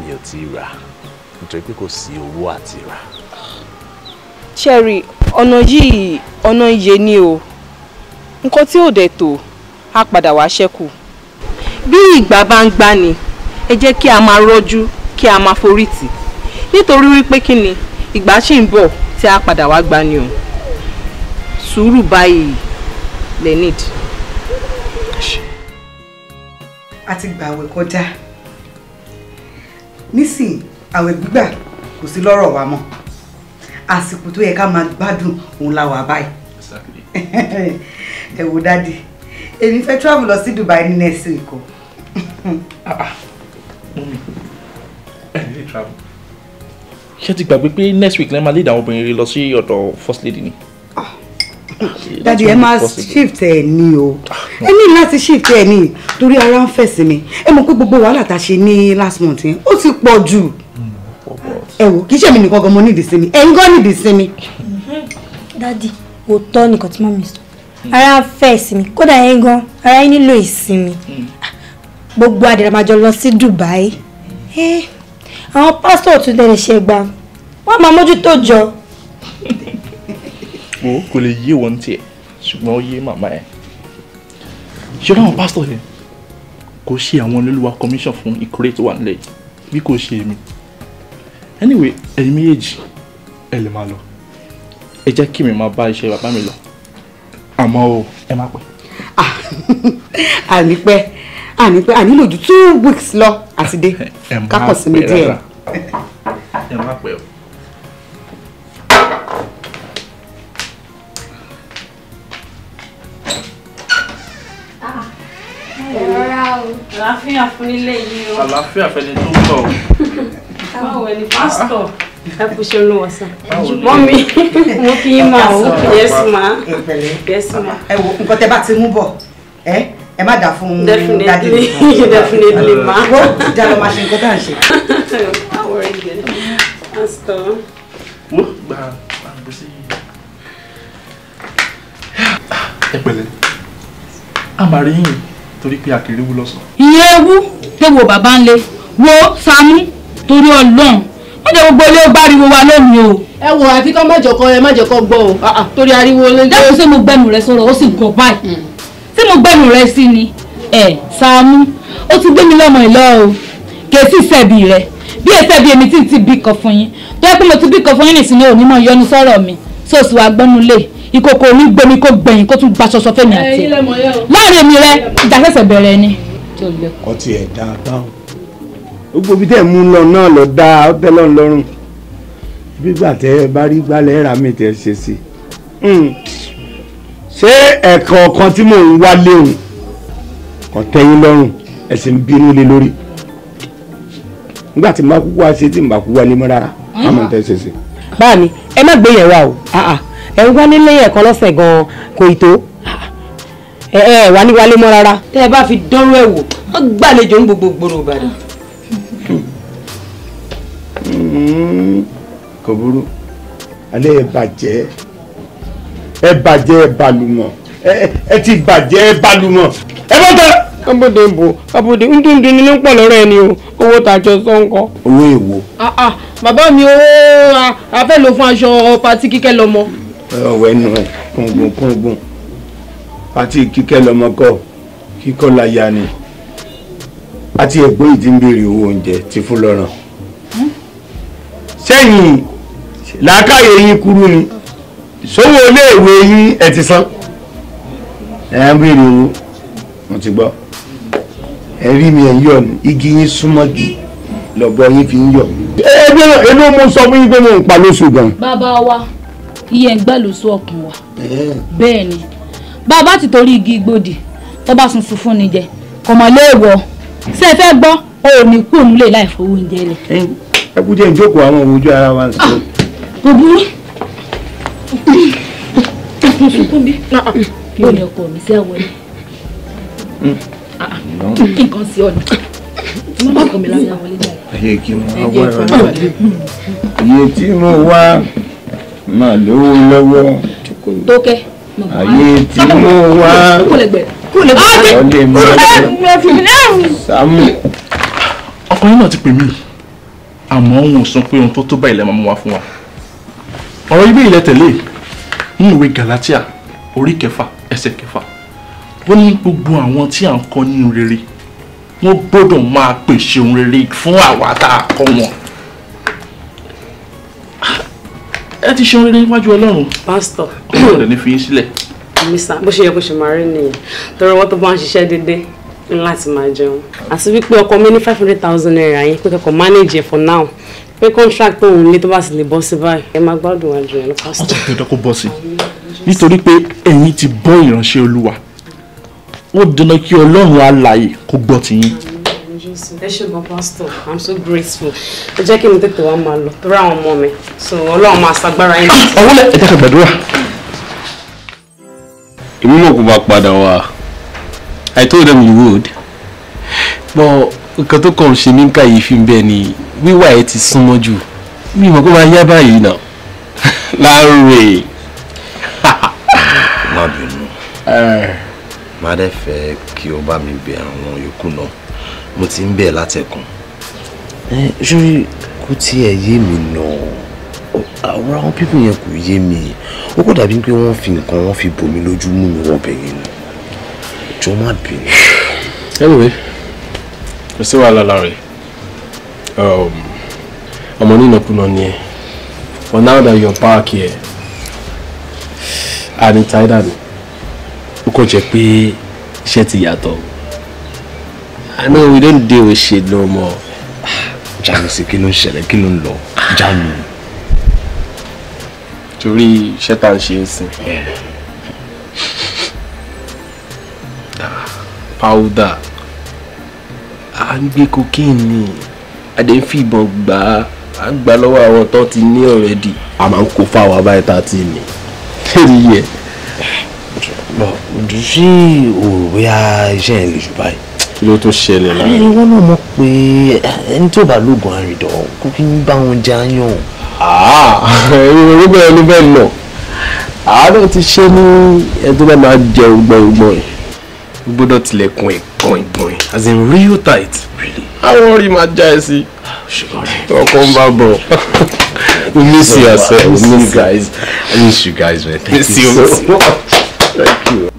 mi ò tí ì rà nítorí pé kò sí owó àti rà. Cherry ọ̀nà yìí ọ̀nà iye ni o nǹkan tí ò dẹ̀ tó á padà wá ṣẹ́kù. bí ìgbà bá ń gbá ni ẹ jẹ́ kí a máa rọ́jú kí a máa forí tì nítorí wípé kí ni ìgbà ṣì ń bọ̀ tí a padà wá gbá ni o sùúrù báyìí lè a ti gba àwẹ̀ kọjá nísìnyí àwẹ̀ gbígbà kò sí lọ́rọ̀ wa mọ́ àsìkò tó yẹ ká máa gbádùn òun la wà báyìí ẹ wò dáàdi èmi fẹ́ travel lọ sí Dubai ní next week o. mọ́mí ẹ̀ ní travel. ṣé ti gbàgbé pé next week lẹ́ẹ̀ máa lead àwọn obìnrin rẹ lọ sí ọ̀dọ̀ first lady ni. Ah. dadi ẹ máa shift ẹ ní o ah, ẹ ní láti shift ẹ ní torí ara ń fẹ̀sí mi ẹ mọ̀ pé gbogbo wàhálà tá a ṣe ní last month yẹn ó ti pọ̀ jù mm, ẹ wò kì í mi nìkan gan mo nídìí sí mi ẹ ń gán nídìí sí mi. Mhm. dadi òótọ́ nìkan tí mọ́mí sọ ara fẹ́ ìsinmi kódà yẹn gan ara yẹn nílò ìsinmi gbogbo àdìrámájọ lọ sí Dubai àwọn pásítọ̀ tún tẹ̀lé ṣe gbà wọ́n máa mójútó jọ. o kò lè yé wọn tiẹ̀ ṣùgbọ́n ó yé màmá ẹ̀ ṣé káwọn pásítọ̀ yẹn kò ṣe àwọn olólùwà commission fún ìkórè tó wà nílẹ̀ bí kò ṣe èmi anyway ẹ̀yin méjèèjì ẹ lè máa lọ ẹ jẹ́ kí mi máa bá iṣẹ́ bàbá mi lọ àmọ́ o ẹ má pẹ́. Ah, ànípẹ́ ànípẹ́ ànílò ju two weeks lọ àti dé kápọ̀ sí mi díẹ̀. ẹ má pẹ́ o. àlàáfíà fún ilé yìí o. àlàáfíà fẹni tó ń bọ̀ o. báwo ni pásítọ̀ ẹ kú ṣe olúwọ sàn mọ mi mo fi yín máa o yes ma yes ma. ẹ wo nǹkan tẹ bá ti mú bọ̀ ẹ ẹ má dà fún un dáadé nìkan definitely ma. ó dá lọ máa ṣe nǹkan tá à ń ṣe. mo gba àgbo sí i. ẹ pẹ̀lẹ́ a máa rí yìn torí pé a kì í ríwú lọ́sàn. iye ewu tó bàbá ń le wo Sàámú torí Ọlọ́run ó jẹ́ gbogbo ilé ó gbáriwo wa lónìí o. ẹ wọ àfi kọ́ mọ̀jọ̀kọ ẹ mọ̀jọ̀kọ gbọ́ o ah, ah, torí ariwo lójú. dákun sí mo gbẹnu rẹ sọ̀rọ̀ ó sì gọ̀ báyìí tí hmm. mo gbẹnu rẹ sí ni ẹ Sàámú ó ti gbé mi lọ́mọ ìlọ o kì í sì sẹ̀bi rẹ bí èsì ẹ̀bi èmi tí ti bí kan fún yín tó yẹ pé mo ti bí kan fún yín nìsín ní onímọ̀ yọnu sọ̀rọ̀ mi sóòsì wa ìkòkò orí gbomi kó gbẹ̀yìn kó tún gba ṣọṣọ fẹ́mi àti láàrin èmi rẹ ìdásẹ̀sẹ̀ bẹ̀rẹ̀ ni. ọtí ẹ̀ dáadáa gbogbo bí tẹ̀ mú lọ náà lọ dá ọtẹ lọ́n lọ́rùn gbígbà tẹ ẹ bá rí gbálẹ̀ rà mí tẹ ṣe sí hmm. ṣé ẹ̀kan ọ̀kan tí mò ń wálé òun kò tẹ́yìn lọ́rùn ẹ̀sìn ń bínú lé lórí nígbà tí màá kúkú wá ṣe tí màá kúkú wá lé mọ́ àmọ́ tẹ́ ṣe sí. báàmí ẹ má gbé yẹn wá o ah, ah. ẹ ń wá nílé ẹ̀kan lọ́sẹ̀ gan-an kò ì tó ah, ẹ ẹ wà ní wálé mọ́ rárá. ẹ bá fi dánwó ẹ̀ wò wọ́n gbàlejò ń gbogbo gbòòrò ìbàdàn. Hmm, kò burú alẹ́ ẹ bàjẹ́ ẹ bàjẹ́ ẹ balùmọ̀ ẹ ti bàjẹ́ ẹ balùmọ̀ ẹ bọ́ tẹ. abode bo abode ntúndún ni ló ń pọ̀ lọ́rọ̀ ẹni o owó tá a jọ sọ ń kọ. owó èwo. Ah, ah, bàbá mi owó afẹ́ ló fún aṣọ pati kíkẹ́ lọ́mọ. ọ̀wẹ́ nù ẹ̀ kùngùn kùngùn pati kíkẹ́ lọ́mọ kọ́ kíkọ́ láya ni àti ẹ̀gbọ́n ìdí ń béèrè owó oúnjẹ ti fún lọ́rùn sẹ́yìn làákàyè yín kúrú ni sówó iléèwé yín ẹ ti san ẹ ń béèrè owó mo ti gbọ́ ẹ rí mi ẹ yọ ni igi yín súnmọ́gi lọ́gbọ́ yín fi ń yọ. ẹgbẹ́ náà èló mo sọ fún yín pé mo ń pa lóṣù gan. bàbá wa iye ń gbà lóṣù ọkàn wa bẹ́ẹ̀ ni bàbá ti torí igi igbódì tó bá sunsun fún ni jẹ kọmọléèwọ ṣé ẹ fẹ́ gbọ́ òun ní kúrò nílé láì fowó oúnjẹ lẹ ẹ kú jẹ́ ìjókòó àwọn òwòjú ara wa sí. kò burú. kí ni ọkọ mi sí àwọ̀ ẹ̀ nǹkan sí ọ̀nà mọ́kàn mi láti àwọn ilé ayé kí mo wá wá rọra iye tí mo wá mà lówó lọ́wọ́ tókẹ́ ayé tí mo wá ọlẹ́ àmọ́ òun ò sọ pé ohun tó tó báyìí lẹ́ẹ̀ máa mú wá fún wa ọ̀rọ̀ ibi ilẹ̀ tẹ̀lé ní ìwé Galatia orí kẹfà ẹsẹ̀ kẹfà wọ́n ní gbogbo àwọn tí à ń kọ́ nínú rere wọ́n gbọ́dọ̀ máa pèsè ohun rere fún àwa tá a kọ́ wọn ẹ ti ṣe ohun rere níwájú Ọlọ́run pásítọ̀ Ọlọ́run rẹ̀ ní fi yín sílẹ̀. àmì sá bó ṣe yẹ kó ṣe máa rí nìyẹn tọrọ wọn tó bá ń ṣiṣẹ́ déédéé láti máa jẹun àti wípé ọkọ mi ní five hundred thousand naira yẹn pé kẹkọọ manage ẹ for now pé contract òun lé tó bá sì lè bọ́ sí báyìí ẹ máa gbádùn àjò yẹn lọ́pàá sí. ọtí ìpẹ́jọ́ kó bọ́ sí nítorí pé ẹ̀yin ti bọ́ ìránṣẹ́ olúwa ó dandan kí ọlọ́run alààyè kó gbọ́ tiyín. ẹ ṣe gan pastor i'm so grateful ẹ jẹ́ kí mi tètè wá máa lọ tó ra àwọn ọmọ mi so ọlọ́run máa ṣàgbára yín. ọwọ́lẹ̀ ẹ jẹ́ ká gbàdúrà. èmi náà kò bá padà wá. I told them you would but nǹkan tó kàn ṣe mí kàyéfì bẹ́ẹ̀ ni wíwà ẹ ti súnmọ́ jù mi mọ̀ pé máa yá báyìí náà láàárẹ̀. má bínú eh. má dẹ́ fẹ́ kí o bá mi bẹ àwọn yòókù náà mo ti ń bẹ̀ látẹ̀kùn. ẹ eh, ṣórí kò tiẹ̀ yé mi náà àwọn àwọn pípọ̀ yẹn kò yé mi ó kò dàbí pé wọ́n fi nǹkan wọ́n fi bòmí lójú mú mi wọ́n bẹ̀rẹ̀ ni jọ má bínú. anyway kò sí wàhálà lára um, ọmọ nínàkúnà ni ẹ For now that you're back here àní táìdà ni ó kàn jẹ́ pé iṣẹ́ ti yàtọ̀ I know we don't deal with shit no more. Jami sí kí ló ń ṣẹlẹ̀ kí ló ń lọ Jami. torí iṣẹ́ powder à ń gbé cocaine ni a dẹ̀ ń fìbọn gbà á à ń gbà lọ́wọ́ àwọn tó ti ní already. a máa ń kó fáwọn abáyé tá a ti ní kéde yẹ. ọ̀dùn sí òwúyà iṣẹ́ yẹn lè jù báyìí. kí ló tó ṣẹlẹ̀ láàrin. ẹ wọ́n náà mọ̀ pé ẹni tó bá lóògùn àrìndọ̀ kó kí n bá wọn jẹ àyàn. ìròyìn bẹ́ẹ̀ ló bẹ́ẹ̀ lọ àárọ̀ ti ṣe ní ẹni tó bá máa jẹun gbọ̀ngbọ̀n yìí. We o gbọ́dọ̀ tilẹ̀kùn ẹ̀ gbọ̀ngbọ̀n as in real tight. àwọn orí máa já ẹ sí ọkọ ń bá we miss you as we miss you guys i miss you guys man thank you so much. thank you.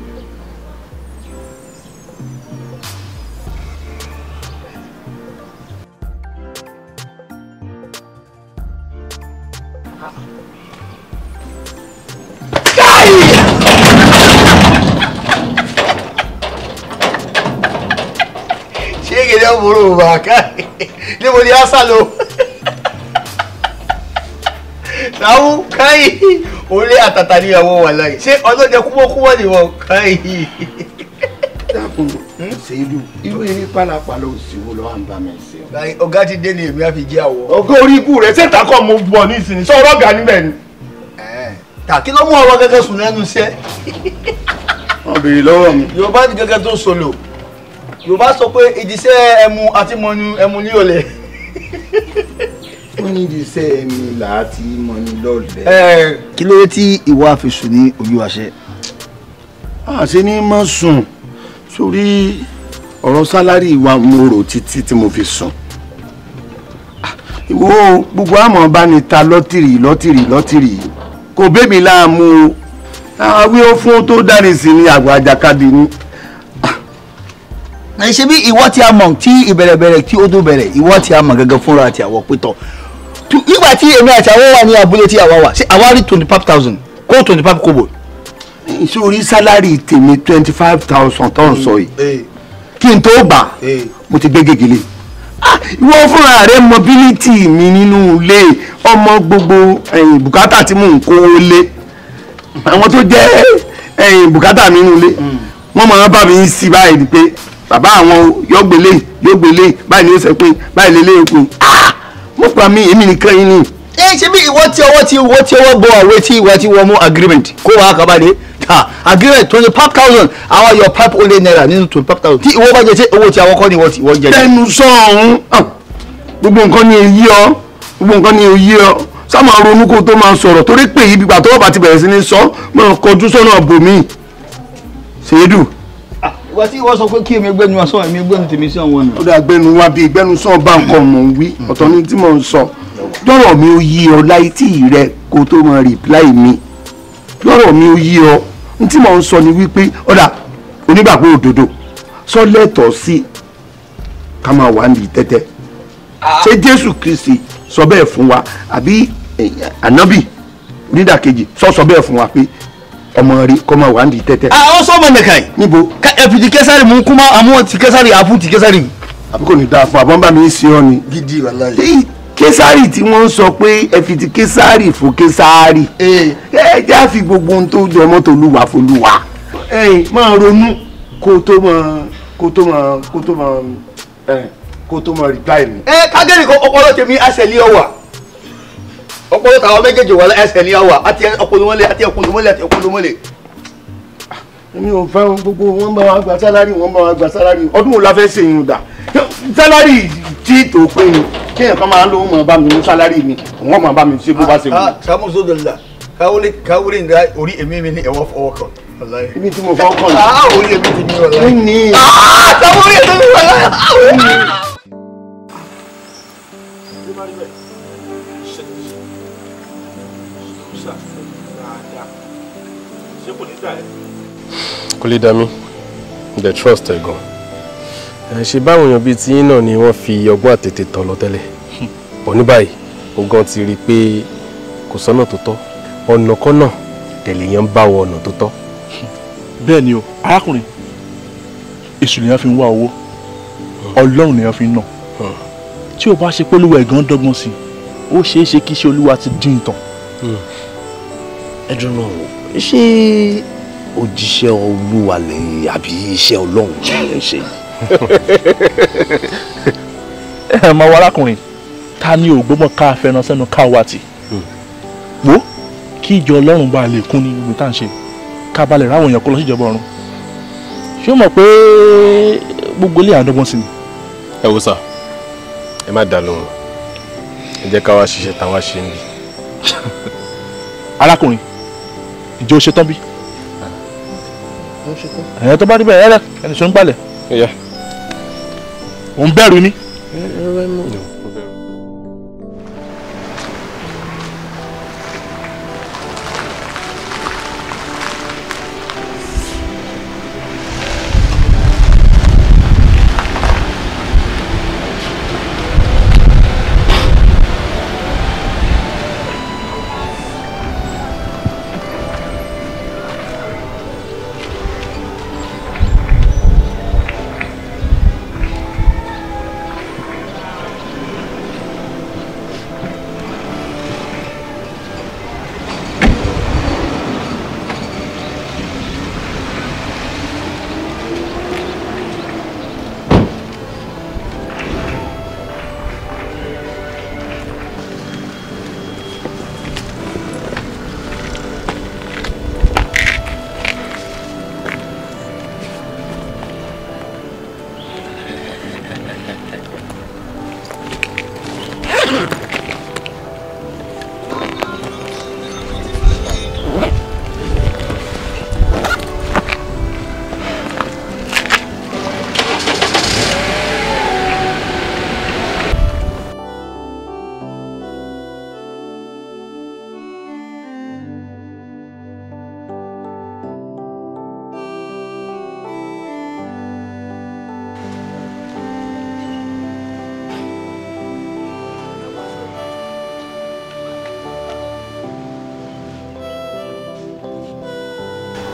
orí àtàtà níyàwó wà láyé ṣé ọlọ́jẹ kúmọ́kúmọ́ nìwọ̀n kan yìí. dákun hmm? ṣèlú irú eré pálapàla òṣìwò lọ́wọ́ à ń bá mi ṣe. báyìí ọ̀gá ti dé ní èmi á fi jẹ́ àwọ̀. ọ̀gá orí ikú rẹ̀ ṣètà kọ́ mo bọ̀ ní ìsìn sọ ọ̀rọ̀ ọ̀gá níbẹ̀ ni. tàkí ló mú ọ̀rọ̀ gẹ́gẹ́ sùn lẹ́nu iṣẹ́. wọ́n béèrè lọ́wọ́ mi. yorùbá ní gẹ́gẹ́ tó solo yorùbá sọ pé ìdíṣẹ́ ẹmu àti mọ̀nù ẹmu ní olè. wọ́n ní di mi là ti mọ ní lọ́ọ̀lẹ́. ẹ kí ló dé tí ìwà fi sùn ní ojú àṣẹ. àṣẹ ni mo sùn sórí ọ̀rọ̀ sálárì wa mo rò títí tí mo fi sùn. Ah, ìwọ gbogbo àmọ́ bá ní ta lọ́tìrì lọ́tìrì lọ́tìrì kò bẹ́mi láàmú o àwí ah, ó fún tó dárin sí ní àgbà àjàkadì ni ah. ṣe bí ìwọ tí a mọ̀ tí ìbẹ̀rẹ̀bẹ̀rẹ̀ tí ó tó bẹ̀rẹ̀ ìwọ ti a mọ̀ gẹ́gẹ́ fúnra àti àwọ̀ pétọ̀ nígbà tí èmi àti àwọn wà ní abúlé tí àwa wà ṣé àwa rí twenty five thousand kó twenty five kóbò. ìṣòrí sálárì tèmi twenty five thousand tó ń sọ yìí kí n tó bà mo ti gbé gègèlè ah, ìwọ fúnra rẹ mọbílítì mi nínú ilé ọmọ gbogbo bùkátà tí mò ń kó lé àwọn tó jẹ́ bùkátà mi nínú ilé hmm. wọ́n máa bá mi ń sí báyìí pé bàbá àwọn yọgbélé yọgbélé báyìí ló ṣe pé báyìí lélẹ́yìn pé ah mú pa mí èmi nìkan yìí ni. ẹ ṣe bí ìwọ tí ọwọ́ tí ìwọ tí ọwọ́ bọ àwọn etí ìwọ tí wọ́n mú agreement kó wàá kaba de ta agreement twenty five thousand àwọn your pipe only naira nínú twenty five thousand tí ìwọ bá jẹ ṣe owó tí àwọn kọ́ ni ìwọ jẹ. tẹnu sọ̀hún ah, gbogbo nǹkan ni èyí ọ gbogbo nǹkan ni èyí ọ sáma ronú kó tó máa sọ̀rọ̀ torí pé ibi gbà tó bá ti bẹ̀rẹ̀ sí ní sọ máa kọjú sọ́nà bòmíì ṣèédù wọ́n tí wọ́n sọ pé kí èmi gbẹ́nu wá sọ èmi gbẹ́nu tèmi sí ọ̀wọ́n náà. ó dà gbẹ́nu wá bíi gbẹ́nu sọ bá nǹkan mọ̀ ń wí mm-hmm. ọ̀tọ̀ ni tí mò ń sọ lọ́rọ̀ mi ò yí ọ láì tí ì rẹ kó tó mọ rìpláì mi lọ́rọ̀ mi ò yí ọ ní tí mò ń sọ ni wípé ọ̀dà onígbàgbọ́ òdodo sọ lẹ́tọ̀ọ́ sí ká máa wà ní tẹ́tẹ́ ah. ṣé Jésù Kristi sọ bẹ́ẹ̀ fún wa àbí eh, ànábì onídàkejì sọ sọ bẹ́ẹ̀ fún wa pé ọmọ rí kọ́ máa wà ní tẹ́tẹ́. a ah, ọ sọ ọmọ nìkan yìí. níbo. ká ẹ̀fìdì kẹsàrì mú kúmọ́ àmú ti kẹsàrì àfún ti kẹsàrì. àbí kò ní dáa fún àbọ̀n bá mi sí ọ ni. gidi wàláyé. kẹsàrì tí wọ́n ń sọ pé ẹ̀fìdì kẹsàrì fún kẹsàrì. ẹ ẹ jẹ́ àfi gbogbo ohun tó jọ mọ́tò olúwa folúwa. ẹ máa ronú kó tó máa kó tó máa kó tó máa kó tó máa reply mi. ẹ kágẹ́rì kọ́ ọpọlọ ọpọlọ tàwọn méjèèjì wà ẹsẹ̀ ní ọwà àti ọpọlọ mọ́lẹ̀ àti ọpọlọ mọ́lẹ̀ àti ọpọlọ mọ́lẹ̀. èmi ò fẹ́ gbogbo wọn bá wa gba sálárì wọn bá wa gba sálárì ọdún wo la fẹ́ ṣe ìyún dà sálárì tí tò pé ni kéèyàn kan máa ń lówó mọ̀ bá mi ní sálárì mi wọ́n máa bá mi ṣe bó bá ṣe wù. sàmúso ah, ah, dòlà káwọlé káwọlé nga orí èmi mi ní ẹ̀wọ́ fọwọ́ kan. ibi tí mo fọwọ́ kàn ní. Ah, orí èmi ti mi wọ̀ láyé. kúlé dami the trust ẹ̀ gan ṣe báwọn èèyàn bíi tiyín náà ni wọ́n fi ọgbọ́n àtètè tọ̀ lọ tẹ́lẹ̀ bọ̀ ní báyìí ó gan ti rí i pé kò sọ́nà tó tọ́ ọ̀nà kọ́nà tẹ̀lé yẹn ń bá wọ ọ̀nà tó tọ́. bẹ́ẹ̀ ni o arákùnrin èṣù lèèyàn fi ń wá owó ọlọ́run lèèyàn fi ń nà tí o bá ṣe pé olúwa ẹ̀gán dọ́gbọ́n sí ó ṣeé ṣe kí iṣẹ́ olúwa ti dín ìtàn. Hmm. ẹ dùn náà ṣé òjíṣẹ́ olúwa lẹ́yìn àbí iṣẹ́ ọlọ́run lẹ́yìn ṣe yìí. ẹ mọ arákùnrin ta ni ògbómọ ká fẹran sẹnu ká wa tì hmm. wo kí ìjọ ọlọ́run bá lè kún ní gbogbo tá à ń ṣe ká balẹ̀ ráwọn èèyàn kó lọ síjọba ọ̀run ṣé o mọ̀ pé gbogbo ilé àdọ́gbọ́n sí ni. ẹ wo sà ẹ má dà lóhùn ẹ jẹ́ ká wá ṣiṣẹ́ táwa ṣe ń bì. arákùnrin ìjọ ṣetán bí ẹ̀yẹ tó bá rí bẹ́ẹ̀ ẹ̀rẹ́ ẹni sọ ń gbálẹ̀. òun bẹ̀rù ni.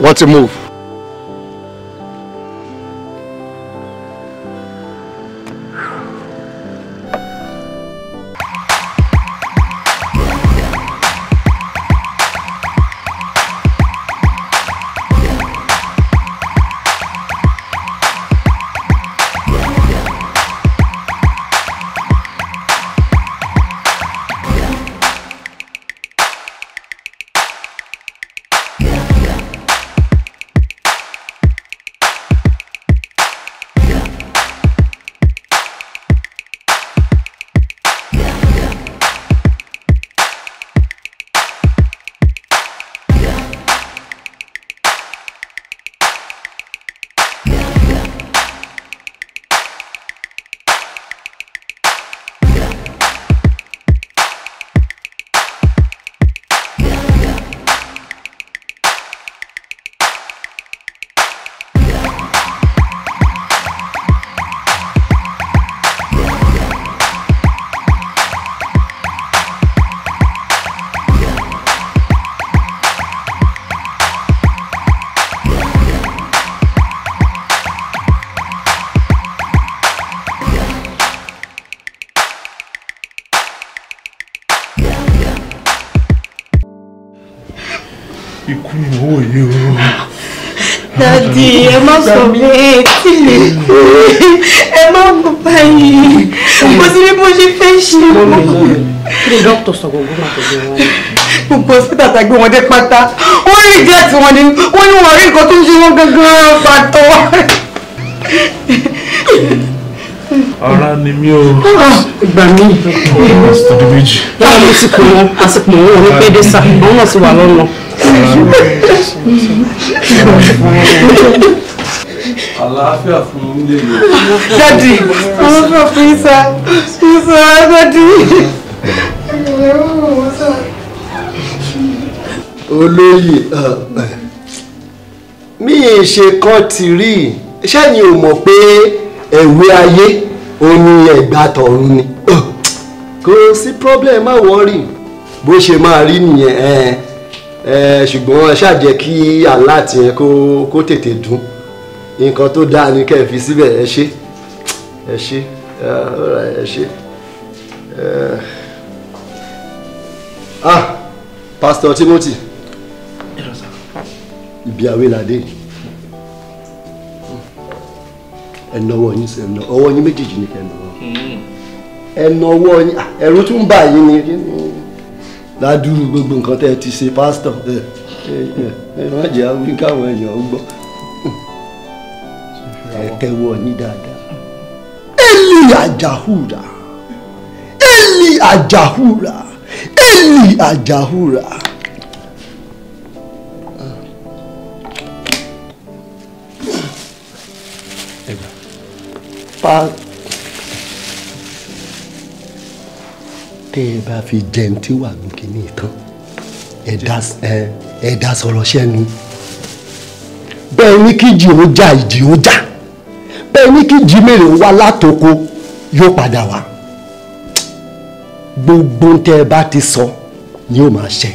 What's a move? sọ mi etí lè ẹ má bọ báyìí mo sì bí mo ṣe fẹ́ ṣe mọ́. kí ni dókítà sọ gbogbo máa tẹ̀lé wọn. gbogbo síta tàgbé wọn dé pátá wọn rí díẹ̀ tí wọn ní wọn ní wọn rí nǹkan tó ń ṣe wọn gangan pàtó. ara ni mi o. Ah, ìgbà mi. ọ̀sítọ́dún méjì. báwo ló ti kún wọn àsìkò wọn ò ní pé dé sá àwọn náà sì wà lọ́nà. àlàáfíà fún ilé yìí. dadi àlàáfíà fún isa isa dadi. olóyè uh, uh, mi ì ṣe kán ti rí sẹ́yìn ò mọ̀ pé ẹ̀wé ayé òun ni ẹ̀gbà tọ̀run ni uh, kò sí problem má wọ́ọ̀rì bó ṣe máa rí nìyẹn eh, eh, ṣùgbọ́n ṣáà jẹ́ kí aláàtì yẹn kó tètè dùn nǹkan tó dáa ni kẹ́ ẹ fi síbẹ̀ ẹ ṣe ẹ ṣe ẹ ṣe ah pastor Timothy ibi àwẹ̀ làdé ẹ nọwọ́ yín sí ẹ nọ ọwọ́ yín méjèèjì ni kẹ́ ẹ nọwọ́ hmm. ẹ nọwọ́ yín ah, ẹ̀rù tún bà yín ni kí ni ládùúrú gbogbo nǹkan tẹ́ ẹ ti ṣe pásítọ̀ ẹ ẹ má jẹ́ àwọn káwọn èèyàn gbọ́ ẹ tẹ́wọ́ yín dáadáa eli ajahura eli ajahura eli ajahura. pa tẹ́ ẹ bá fi jẹun tí wà ní kíní tán ẹ̀dá sọ̀rọ̀ ṣẹ́nu bẹ́ẹ̀ ní kí jì ó jà ìjì ó jà ẹ ní jimere wá látoko yóò padà wá gbogbo tẹ́ ẹ bá ti sọ ni yóò máa ṣe.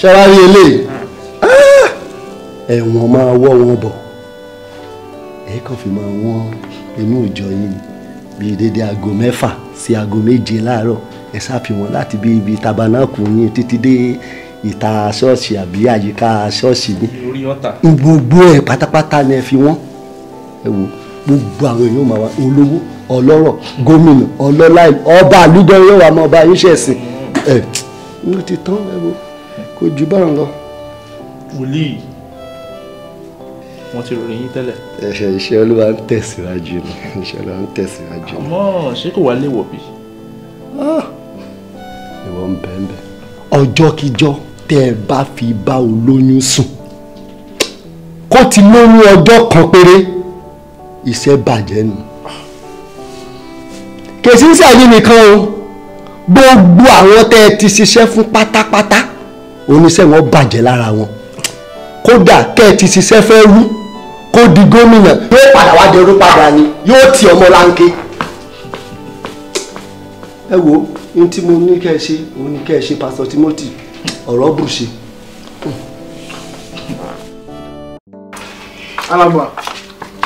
ṣọlá rí eléyìí ah! ẹ̀wọ̀n máa wọ́ wọn bọ̀ èyí kàn fi máa wọ́n inú ìjọ yìí bíi dédé aago mẹ́fà sí aago méje láàárọ̀ ẹ̀ sáfi láti bí ibi tabanákù yín títí dé ìta ṣọ́ọ̀ṣì àbí àyíká ṣọ́ọ̀ṣì ni gbogbo ẹ̀ pátápátá ni ẹ fi wọ́n ẹ wo gbogbo àwọn èèyàn máa wá olówó ọlọ́rọ̀ gómìnà ọlọ́lá ọba àlùjọ yóò wá máa bá yín ṣẹ̀sìn ẹ ní ti tán ẹ wo kò jù báwọn lọ. wòlíì wọ́n ti ròyìn yín tẹ́lẹ̀. ẹsẹ iṣẹ́ olúwa ń tẹ̀síwájú ni iṣẹ́ olúwa ń tẹ̀síwájú ni. àmọ́ ṣé kò wá léwọ bí. Ah, ìwọ ń bẹ ń ọjọ́ kíjọ́ tẹ́ ẹ bá fi bá olóyún sùn kó ti lóyún ọjọ́ kan péré iṣẹ́ bàjẹ́ nù kèsì ń sẹ́yìn nìkan o gbogbo àwọn tẹ́ ẹ ti ṣiṣẹ́ fún pátápátá oníṣẹ́ wọn bàjẹ́ lára wọn kódà kẹ́ ẹ ti ṣiṣẹ́ fẹ́ rú kó di gómìnà yóò padà wá dẹrú padà ni yóò ti ọmọ láńké ẹ wo ohun tí mo ní kẹ́ ẹ ṣe òun ni kẹ́ ẹ ṣe pásítọ̀ Timothy ọ̀rọ̀ bùrùṣe. alàgbà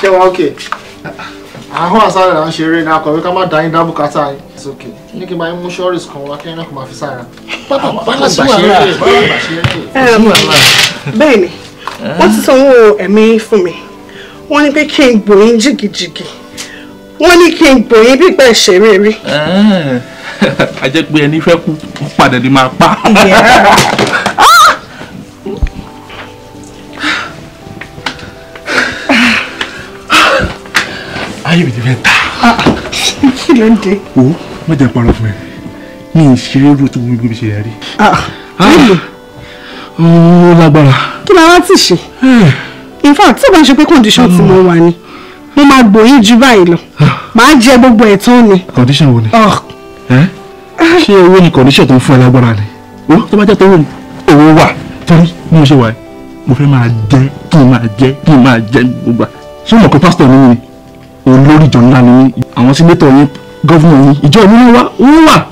ṣé wàá òkè àhún àsáré là ń ṣeré ní akọ̀wé ká má dá yín dábùkátà yín. it's okay ní kí n bá yín mú ṣọ́ọ̀rìsì kan wá kẹ́yìn náà kò máa fi sára. pápá bàbá sí wàhálà bẹ́ẹ̀ ni wọ́n ti sanwó ẹ̀mí fún mi wọ́n ní pé kí n gbòyìn jìgìjìgì wọ́n ní kí n gbòyìn bí ìgbà ìṣeré rí a jẹ́ pé ẹni fẹ́ kú padà ni máa pa. ayé mi ti fẹ́ ta. kí ló ń dé. o má jẹ́ parọ́ fún ẹ mi ì ṣeré ru tó gbogbo mi ṣe yàrá rí. Ah, ah, ó lágbára. kí ni ara ti ṣe. Eh. in fact tí o bá ṣe pé condition tí mo ah. wà ni mo máa gbòyìn ju báyìí lọ màá jẹ gbogbo ẹ̀ tán ni. condition wo ni ṣé owó ni condition tó ń fún ẹ lágbára ni wọ́n tó bá jẹ́ tó wò ní owó wà torí bí mo ṣe wà mo fẹ́ máa jẹ kí n máa jẹ kí n máa jẹ gbogbo ṣé mọ̀ pé pásítọ̀ ni mi olórí ìjọ ńlá ni mi àwọn sínétọ̀ yín gọ́fúnà yín ìjọ mi ni wá owó wà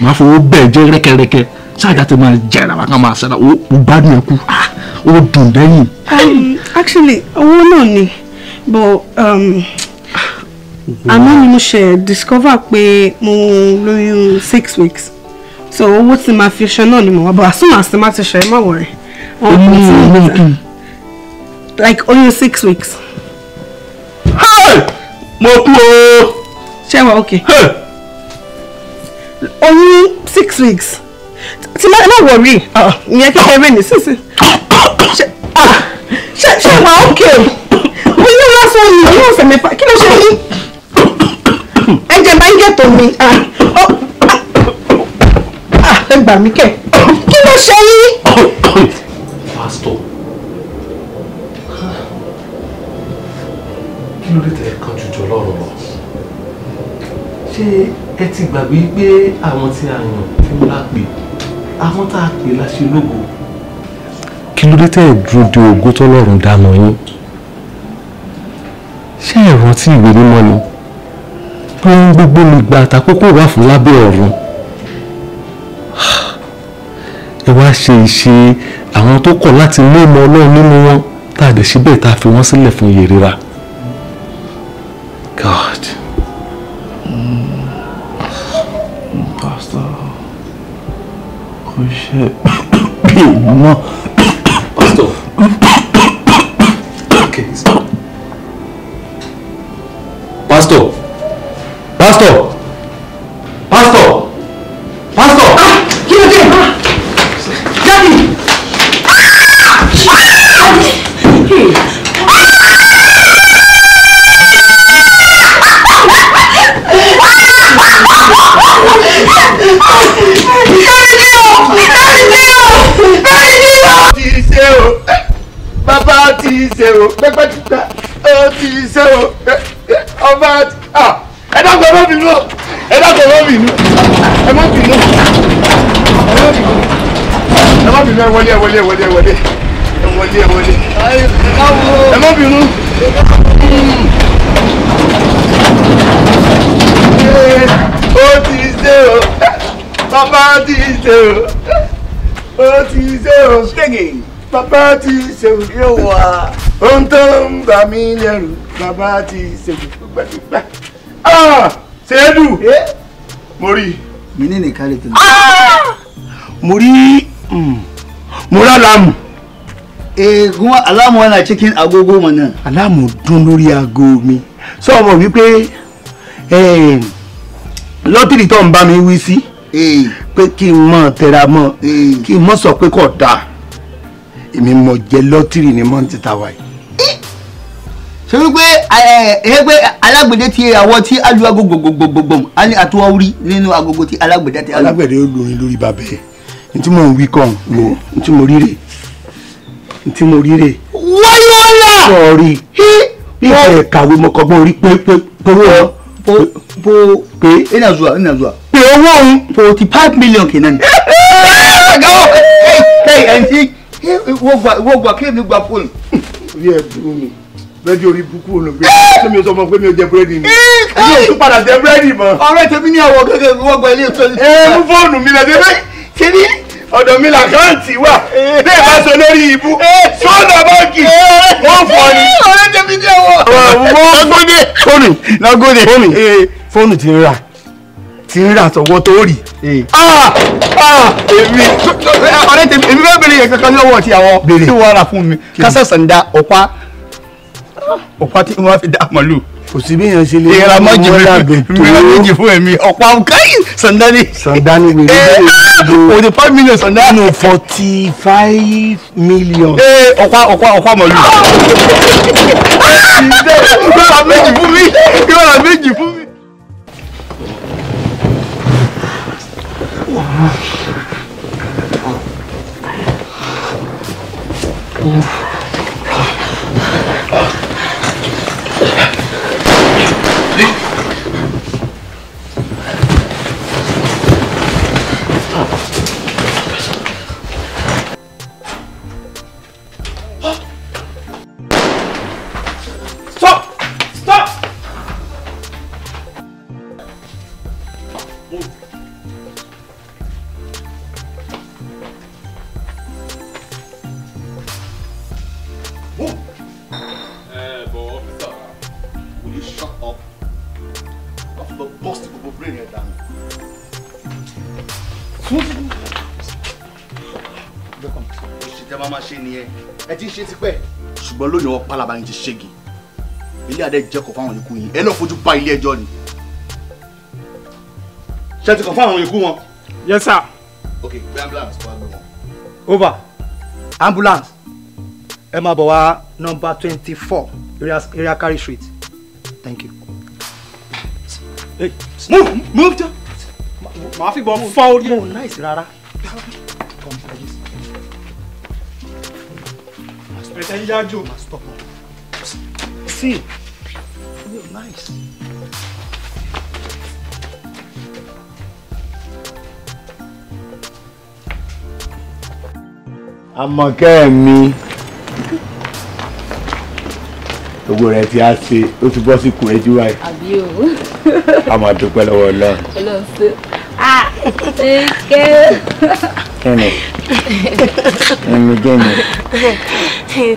máa fowó bẹ́ẹ̀ jẹ́ rẹ́kẹrẹ́kẹ ṣáàjà ti máa jẹ ẹ̀rọ àbákan máa ṣẹlẹ̀ ó gbádùn ẹ kú ah, ó dùn lẹ́yìn. Um, actually owó náà ni but. Um, àmọ́ ni mo ṣe discover pé mo lóyún six weeks so owó tí màá fi ṣe náà ni mo wá but as soon as màá ti ṣe ẹ má wọrẹ àwọn ọmọ tí mo like oyún six weeks. mo kú o. ṣé wà ok. oyún six weeks tí má má wọrí ah, ìyẹn kékeré ní sísè ah, ṣé ṣé wà ok oyún lásán ni oyún ọ̀sẹ̀ mẹ́fà kí ló ṣe ní ẹ̀jẹ̀ máa ń yẹ̀tọ̀ mi ah, oh, ah, ẹ gbà mí kẹ̀ kí ló ṣe yín. pásítọ̀ kí ló dé tẹ̀ ẹ́ kan jùjọ lọ́rùn lọ ṣé ẹ ti gbàgbé pé àwọn tí a yàn fún lápè àwọn tá a pè la ṣe lógo. kí ló dé tẹ̀ ẹ́ dúró de ògo tọ́lọ́run dáná yín ṣé ẹ rántí ìwé mímọ́ ni pé ń gbogbo nígbà àtàkókò wà fún lábẹ́ ọ̀run ẹ wá ṣe ìṣe àwọn tó kọ̀ láti mú ọmọ ọlọ́run nínú wọn tá a dẹ̀ síbẹ̀ tá a fi wọ́n sílẹ̀ fún iye rírà God. Pastor kò ṣe Pastor. Okay. pásítọ̀ pásítọ̀ pásítọ̀. kí ló dé jáde. Bàbá ti ṣe o, pẹ́pẹ́ ti ta, ó ti ṣe o, ọba ti ẹ dákun ẹ má bínú o ẹ dákun ẹ má bínú ẹ má bínú ẹ má bínú ẹ wọlé ẹ wọlé ẹ wọlé ẹ wọlé ẹ wọlé ẹ wọlé ẹ má bínú. ó ti ṣe o bàbá ti ṣe o ó ti ṣe o ṣègè bàbá ti ṣe o yóò wá ohun tó ń bà mí lẹ́rù bàbá ti ṣe o gbẹdúgbẹ ṣéédù eh? mo rí. mi ní nìkan lè tẹ̀lé. Ah! mo rí hmm. mo rà láàmù. ee kuma aláàmù wà agogo mọ̀ náà. aláàmù dún lórí aago mi sọ ọmọ wípé eh, lọ́tìrì tó ń bá mi wí sí eh. pé kí n mọ̀ tẹra mọ́ kí n mọ̀ sọ pé kò dáa èmi mọ̀ jẹ́ lọ́tìrì ní mọ́ǹtì tàwa yìí ṣe wípé ẹgbẹ́ alágbèdẹ ti àwọ̀ tí alu agogo gbogbogbò a ní àtúwọ́ rí nínú agogo tí alágbèdẹ ti alu. alágbèdẹ yóò lórin lórí bàbẹ n tí mò ń wí kàn wò n tí mo ríre n tí mo ríre. wáyé wọn là. sọ̀rí ìfẹ́ kàwé mọ́kànlá orí pé pé pé wọ́n po pe ina zuwa ina zuwa pe owó òun forty five million kenan. kai kai ẹni tí wọ́n gba kéèmí gba fóònù. orí ẹ̀ dùn mí búrẹ́dì orí bukú olùgbé ṣé mi ò sọ fún ọ pé mi ò jẹ búrẹ́dì mi mi ò tún padà jẹ búrẹ́dì mọ́. ọ̀rẹ́ tèmi ní àwọ̀ gẹ́gẹ́ wọ́gbọ̀ ilé ìtọ́ ni. ẹ mú fóònù mi lọ débẹ̀ tèmi ọ̀dọ̀ mi làkáǹtì wà bẹ́ẹ̀ bá sọ lórí ibú sọ́ọ̀dà báńkì wọ́n fọ́ ni. ọ̀rẹ́ tèmi ní àwọ̀. lọ́gọ́dẹ fóònù lọ́gọ́dẹ fóònù fóònù ti rà ti rà sọ̀wọ́ tó rì. Ah, ah, èmi ọ̀rẹ́ tèmi èmi fẹ́ bèrè yẹn kankan lọ́wọ́ ti àwọn tí wọ́n rà fún mi kásẹ̀ sàǹdà ọ̀pá ọ̀pá tí wọ́n fi dá màlúù. kò sí bí èèyàn ṣe lè ra mọ́jì fún ẹ̀mí ọ̀pá ọ̀káyì sàndáni. sàndáni mi ló dé òde five million sàndáni. no forty five million. ee eh, ọ̀pá ọ̀pá ọ̀pá màlúù. yóò ah! ra méjì fún mi yóò ra méjì fún mi. Oof. máa ṣe nìyẹn ẹ ti ṣe tipẹ́. ṣùgbọ́n lónìí wọn pálapà yín ti ṣégi ilé adé jẹ́kọ̀ọ́ fáwọn ikú yín ẹ lọ́ọ́ fojú bá ilé ẹjọ́ ni. ṣé ti kọ̀ fáwọn ikú wọn. yes sir. ok gbé ambulance wá gbé wọn. over ambulance ẹ máa bọ̀ wá nọ́mbà twenty four area carry street thank you. Hey, move move down. màá fi bọ́ fọ́ orí. mo náìsí rárá. Ẹ̀sẹ̀ ń yájú. See, real nice. Àmọ̀kẹ́ mi gbogbo rẹ ti a ṣe ó ti bọ́ sí kùrẹ́jú báyìí. àbí o. a máa dúpẹ́ lọ́wọ́ ọlọ́run. ọlọ́run ṣe é. ah ṣe é kẹ́. kẹ́ni ẹ̀mí gẹ́ni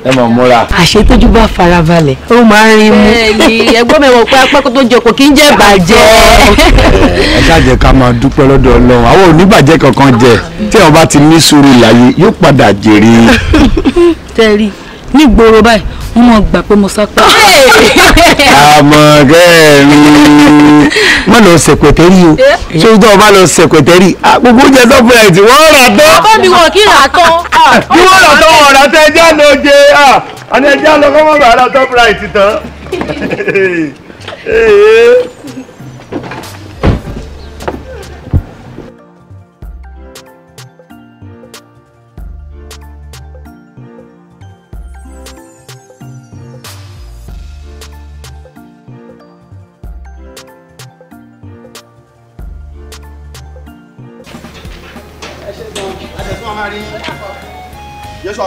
ẹ mọ̀ múra. àṣetójú bá farabalẹ̀ ó máa ń rí mú. bẹ́ẹ̀ni ẹ̀gbọ́n mi wọ pé apẹ́kọ́ tó jẹ kò kí ń jẹ bàjẹ́. ẹ ṣáàjẹ ká máa dúpẹ́ lọ́dọ̀ Ọlọ́run àwọn oníbàjẹ́ kankan jẹ tí wọn bá ti ní sùúrù láyé yóò padà jèrè. tẹ́rì ní ìgboro báyìí wọ́n mọ̀ gbà pé mo sápá. àmọ̀rẹ́ mi má lọ sẹ̀kọ̀tẹ́rì o ṣé o tó o bá lọ sẹ̀kọ̀tẹ́rì gbogbo oúnjẹ tó fún ẹ̀ tí wọ́n rà tán. àbọ̀ mi wọ̀ kí rà tán. kí wọ́n rà tán wọ̀ rà tán ẹjẹ́ àná oje àná ẹjẹ́ àná kọ́mọ́ bàárà tó fún ẹ̀ tán.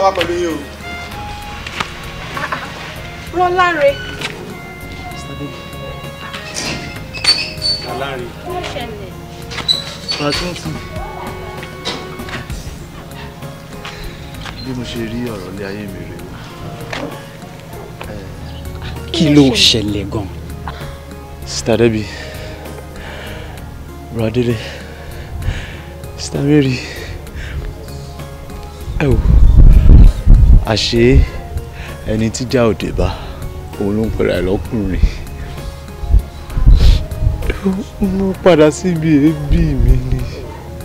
wá pẹ̀lú yín o. Rọ́láre. Rọ́láre. Wọ́n ṣẹlẹ̀. Pàtúntì. Bí mo ṣe rí ọ̀rọ̀ ilé ayé mi rèé o. Kí ló ṣẹlẹ̀ gan? Sista Debbie, Bradele, Sista Mary, ẹ wò àṣé ẹni tíjà òde bá òun ló ń pẹ̀lú àìlọ́kùnrin mo padà síbi èébì mi ni.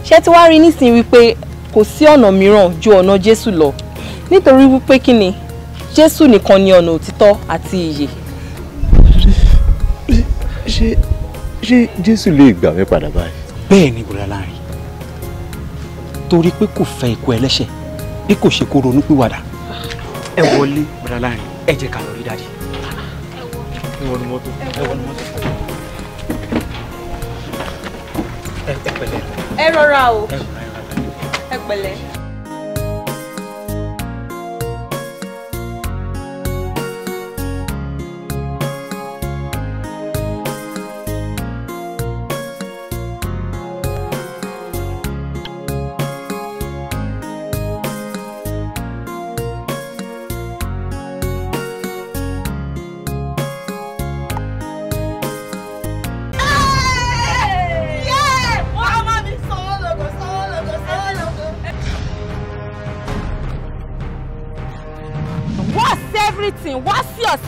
ṣé tí wàá rí nísìnyí wípé kò sí ọ̀nà mìíràn ju ọ̀nà Jésù lọ nítorí wípé kí ni Jésù nìkan ni ọ̀nà òtítọ́ àti ìyè. ṣé ṣé Jésù lè gbà mí padà báyìí. bẹ́ẹ̀ ni bùrẹ̀ láàrin torí pé kò fẹ́ ikú ẹlẹ́ṣẹ̀ bí kò ṣe kó ronú pìwàdà ẹ wọlé bàdà láàrin ẹ jẹ́ ká lọ rí dáàdì ẹ wọnú mọ́tò ẹ wọnú mọ́tò ẹ pẹ̀lẹ́. ẹ rọra o ẹ pẹ̀lẹ́.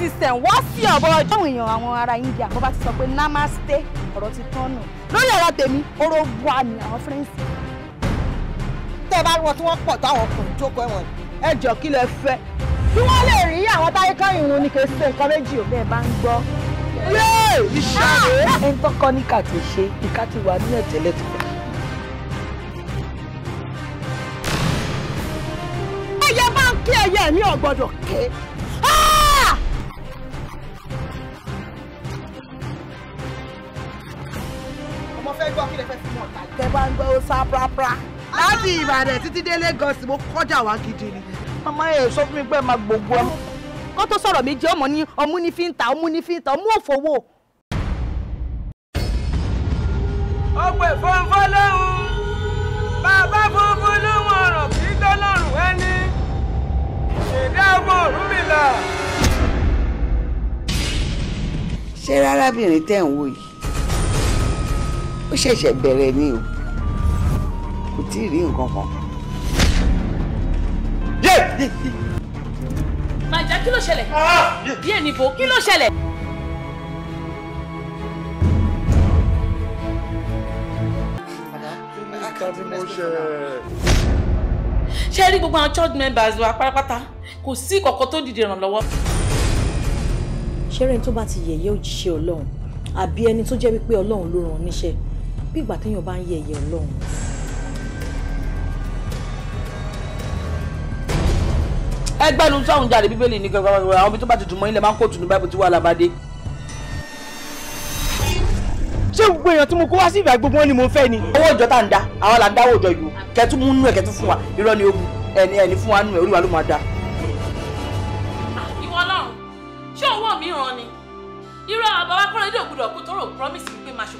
system wọ́n sí ọ̀bọ ọjọ́ àwọn èèyàn àwọn ará India bó bá ti sọ pé namaste ọ̀rọ̀ ti tán nù lórí ọ̀rọ̀ tèmi oró àmì àwọn fírẹ́ǹsì. tẹ́ ẹ bá wọn tí wọ́n pọ̀ táwọn ọkùnrin jókòó ẹ̀wọ̀n ẹ jọ kí lẹ fẹ́. kí wọ́n lè rí àwọn táyé káyìn wọn ni kì í méjì ò bẹ́ẹ̀ bá ń gbọ́. yéè ìṣàlẹ̀. Ah! ẹ ń tọ́kọ ní kàtó ṣe ìka ti wà nílẹ̀ tẹ́lẹ̀ tó fẹ́. ẹyẹ bá ń kí ẹyẹ mi ò gbọdọ̀ ké. mo bá ń gbọ́ ó sá prapra láti ìbàdàn títí dé lagos mo kọjá wá gidi ni. màmá ẹ sọ fún mi pé máa gbogbo ẹ. kó tó sọ̀rọ̀ méjì ọmọ ní ọmú ní fi ń ta ọmú ní fi ń ta ọmú òfowó. ọ̀pẹ̀ fọ́nfọ́n lọ́hùn bàbá funfun ló mọ̀ ọ̀ràn kí tọ́lọ́rùn ẹni ṣẹ̀dá ọmọ Ọ̀rúnmìlà. ṣé rárábìnrin tẹ̀ ń wò yìí ó ṣẹ̀ṣẹ̀ bẹ̀rẹ̀ ni o kò tí ì rí nǹkan kan. màjá kí ló ṣẹlẹ̀ díẹ̀ ah! níbo kí ló ṣẹlẹ̀. ṣé rí gbogbo àwọn church members wa pátápátá kò sí kọ̀ọ̀kan tó dìde ìrànlọ́wọ́. ṣé rẹ́ni tó bá ti yẹ̀yẹ́ òjíṣẹ́ ọlọ́run àbí ẹni tó jẹ́ wípé ọlọ́run ló ràn níṣẹ́ bí ìgbà téèyàn bá ń yẹ̀yẹ́ ọlọ́run. ẹgbẹ́nu sọ̀hún jáde bíbélì ní gbẹgbẹgbẹ àwọn ibi tó bá ti dùn mọ́ ilẹ̀ máa ń kóòtù ní báìbù tí wàhálà bá ṣé gbogbo èèyàn tí mo kó wá sí ìgbà gbogbo wọn ni mo fẹ́ ni. owó ìjọ tá à ń da àwa là ń dáwọ́ ìjọ yìí kẹtù mú nú ẹ kẹtù fún wa irọ́ ni ogun ẹni ẹni fún wa nú ẹ olúwa ló máa da. ìwọ Ọlọ́run ṣé owó mi ràn ni irọ́ bàbá kọ́lẹ́dé ògbúdọ̀ tó rò promise mi pé máa ṣe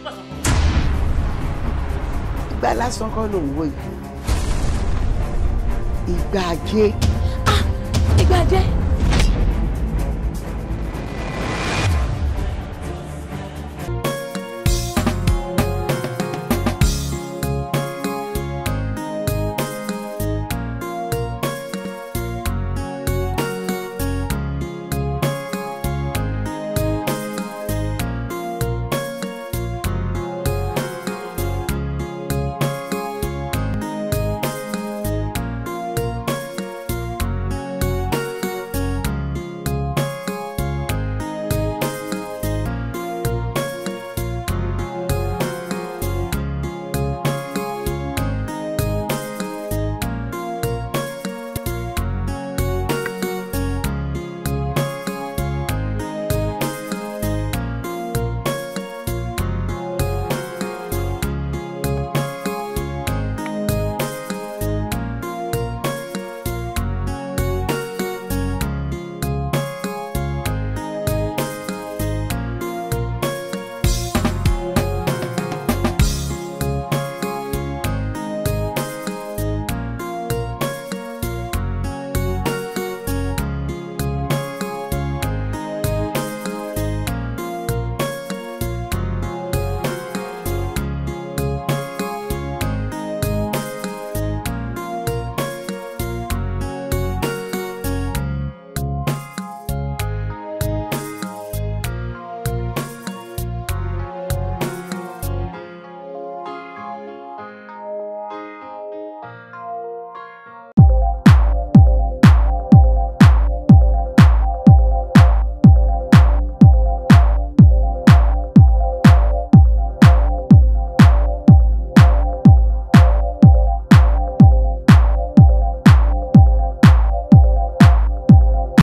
你一个。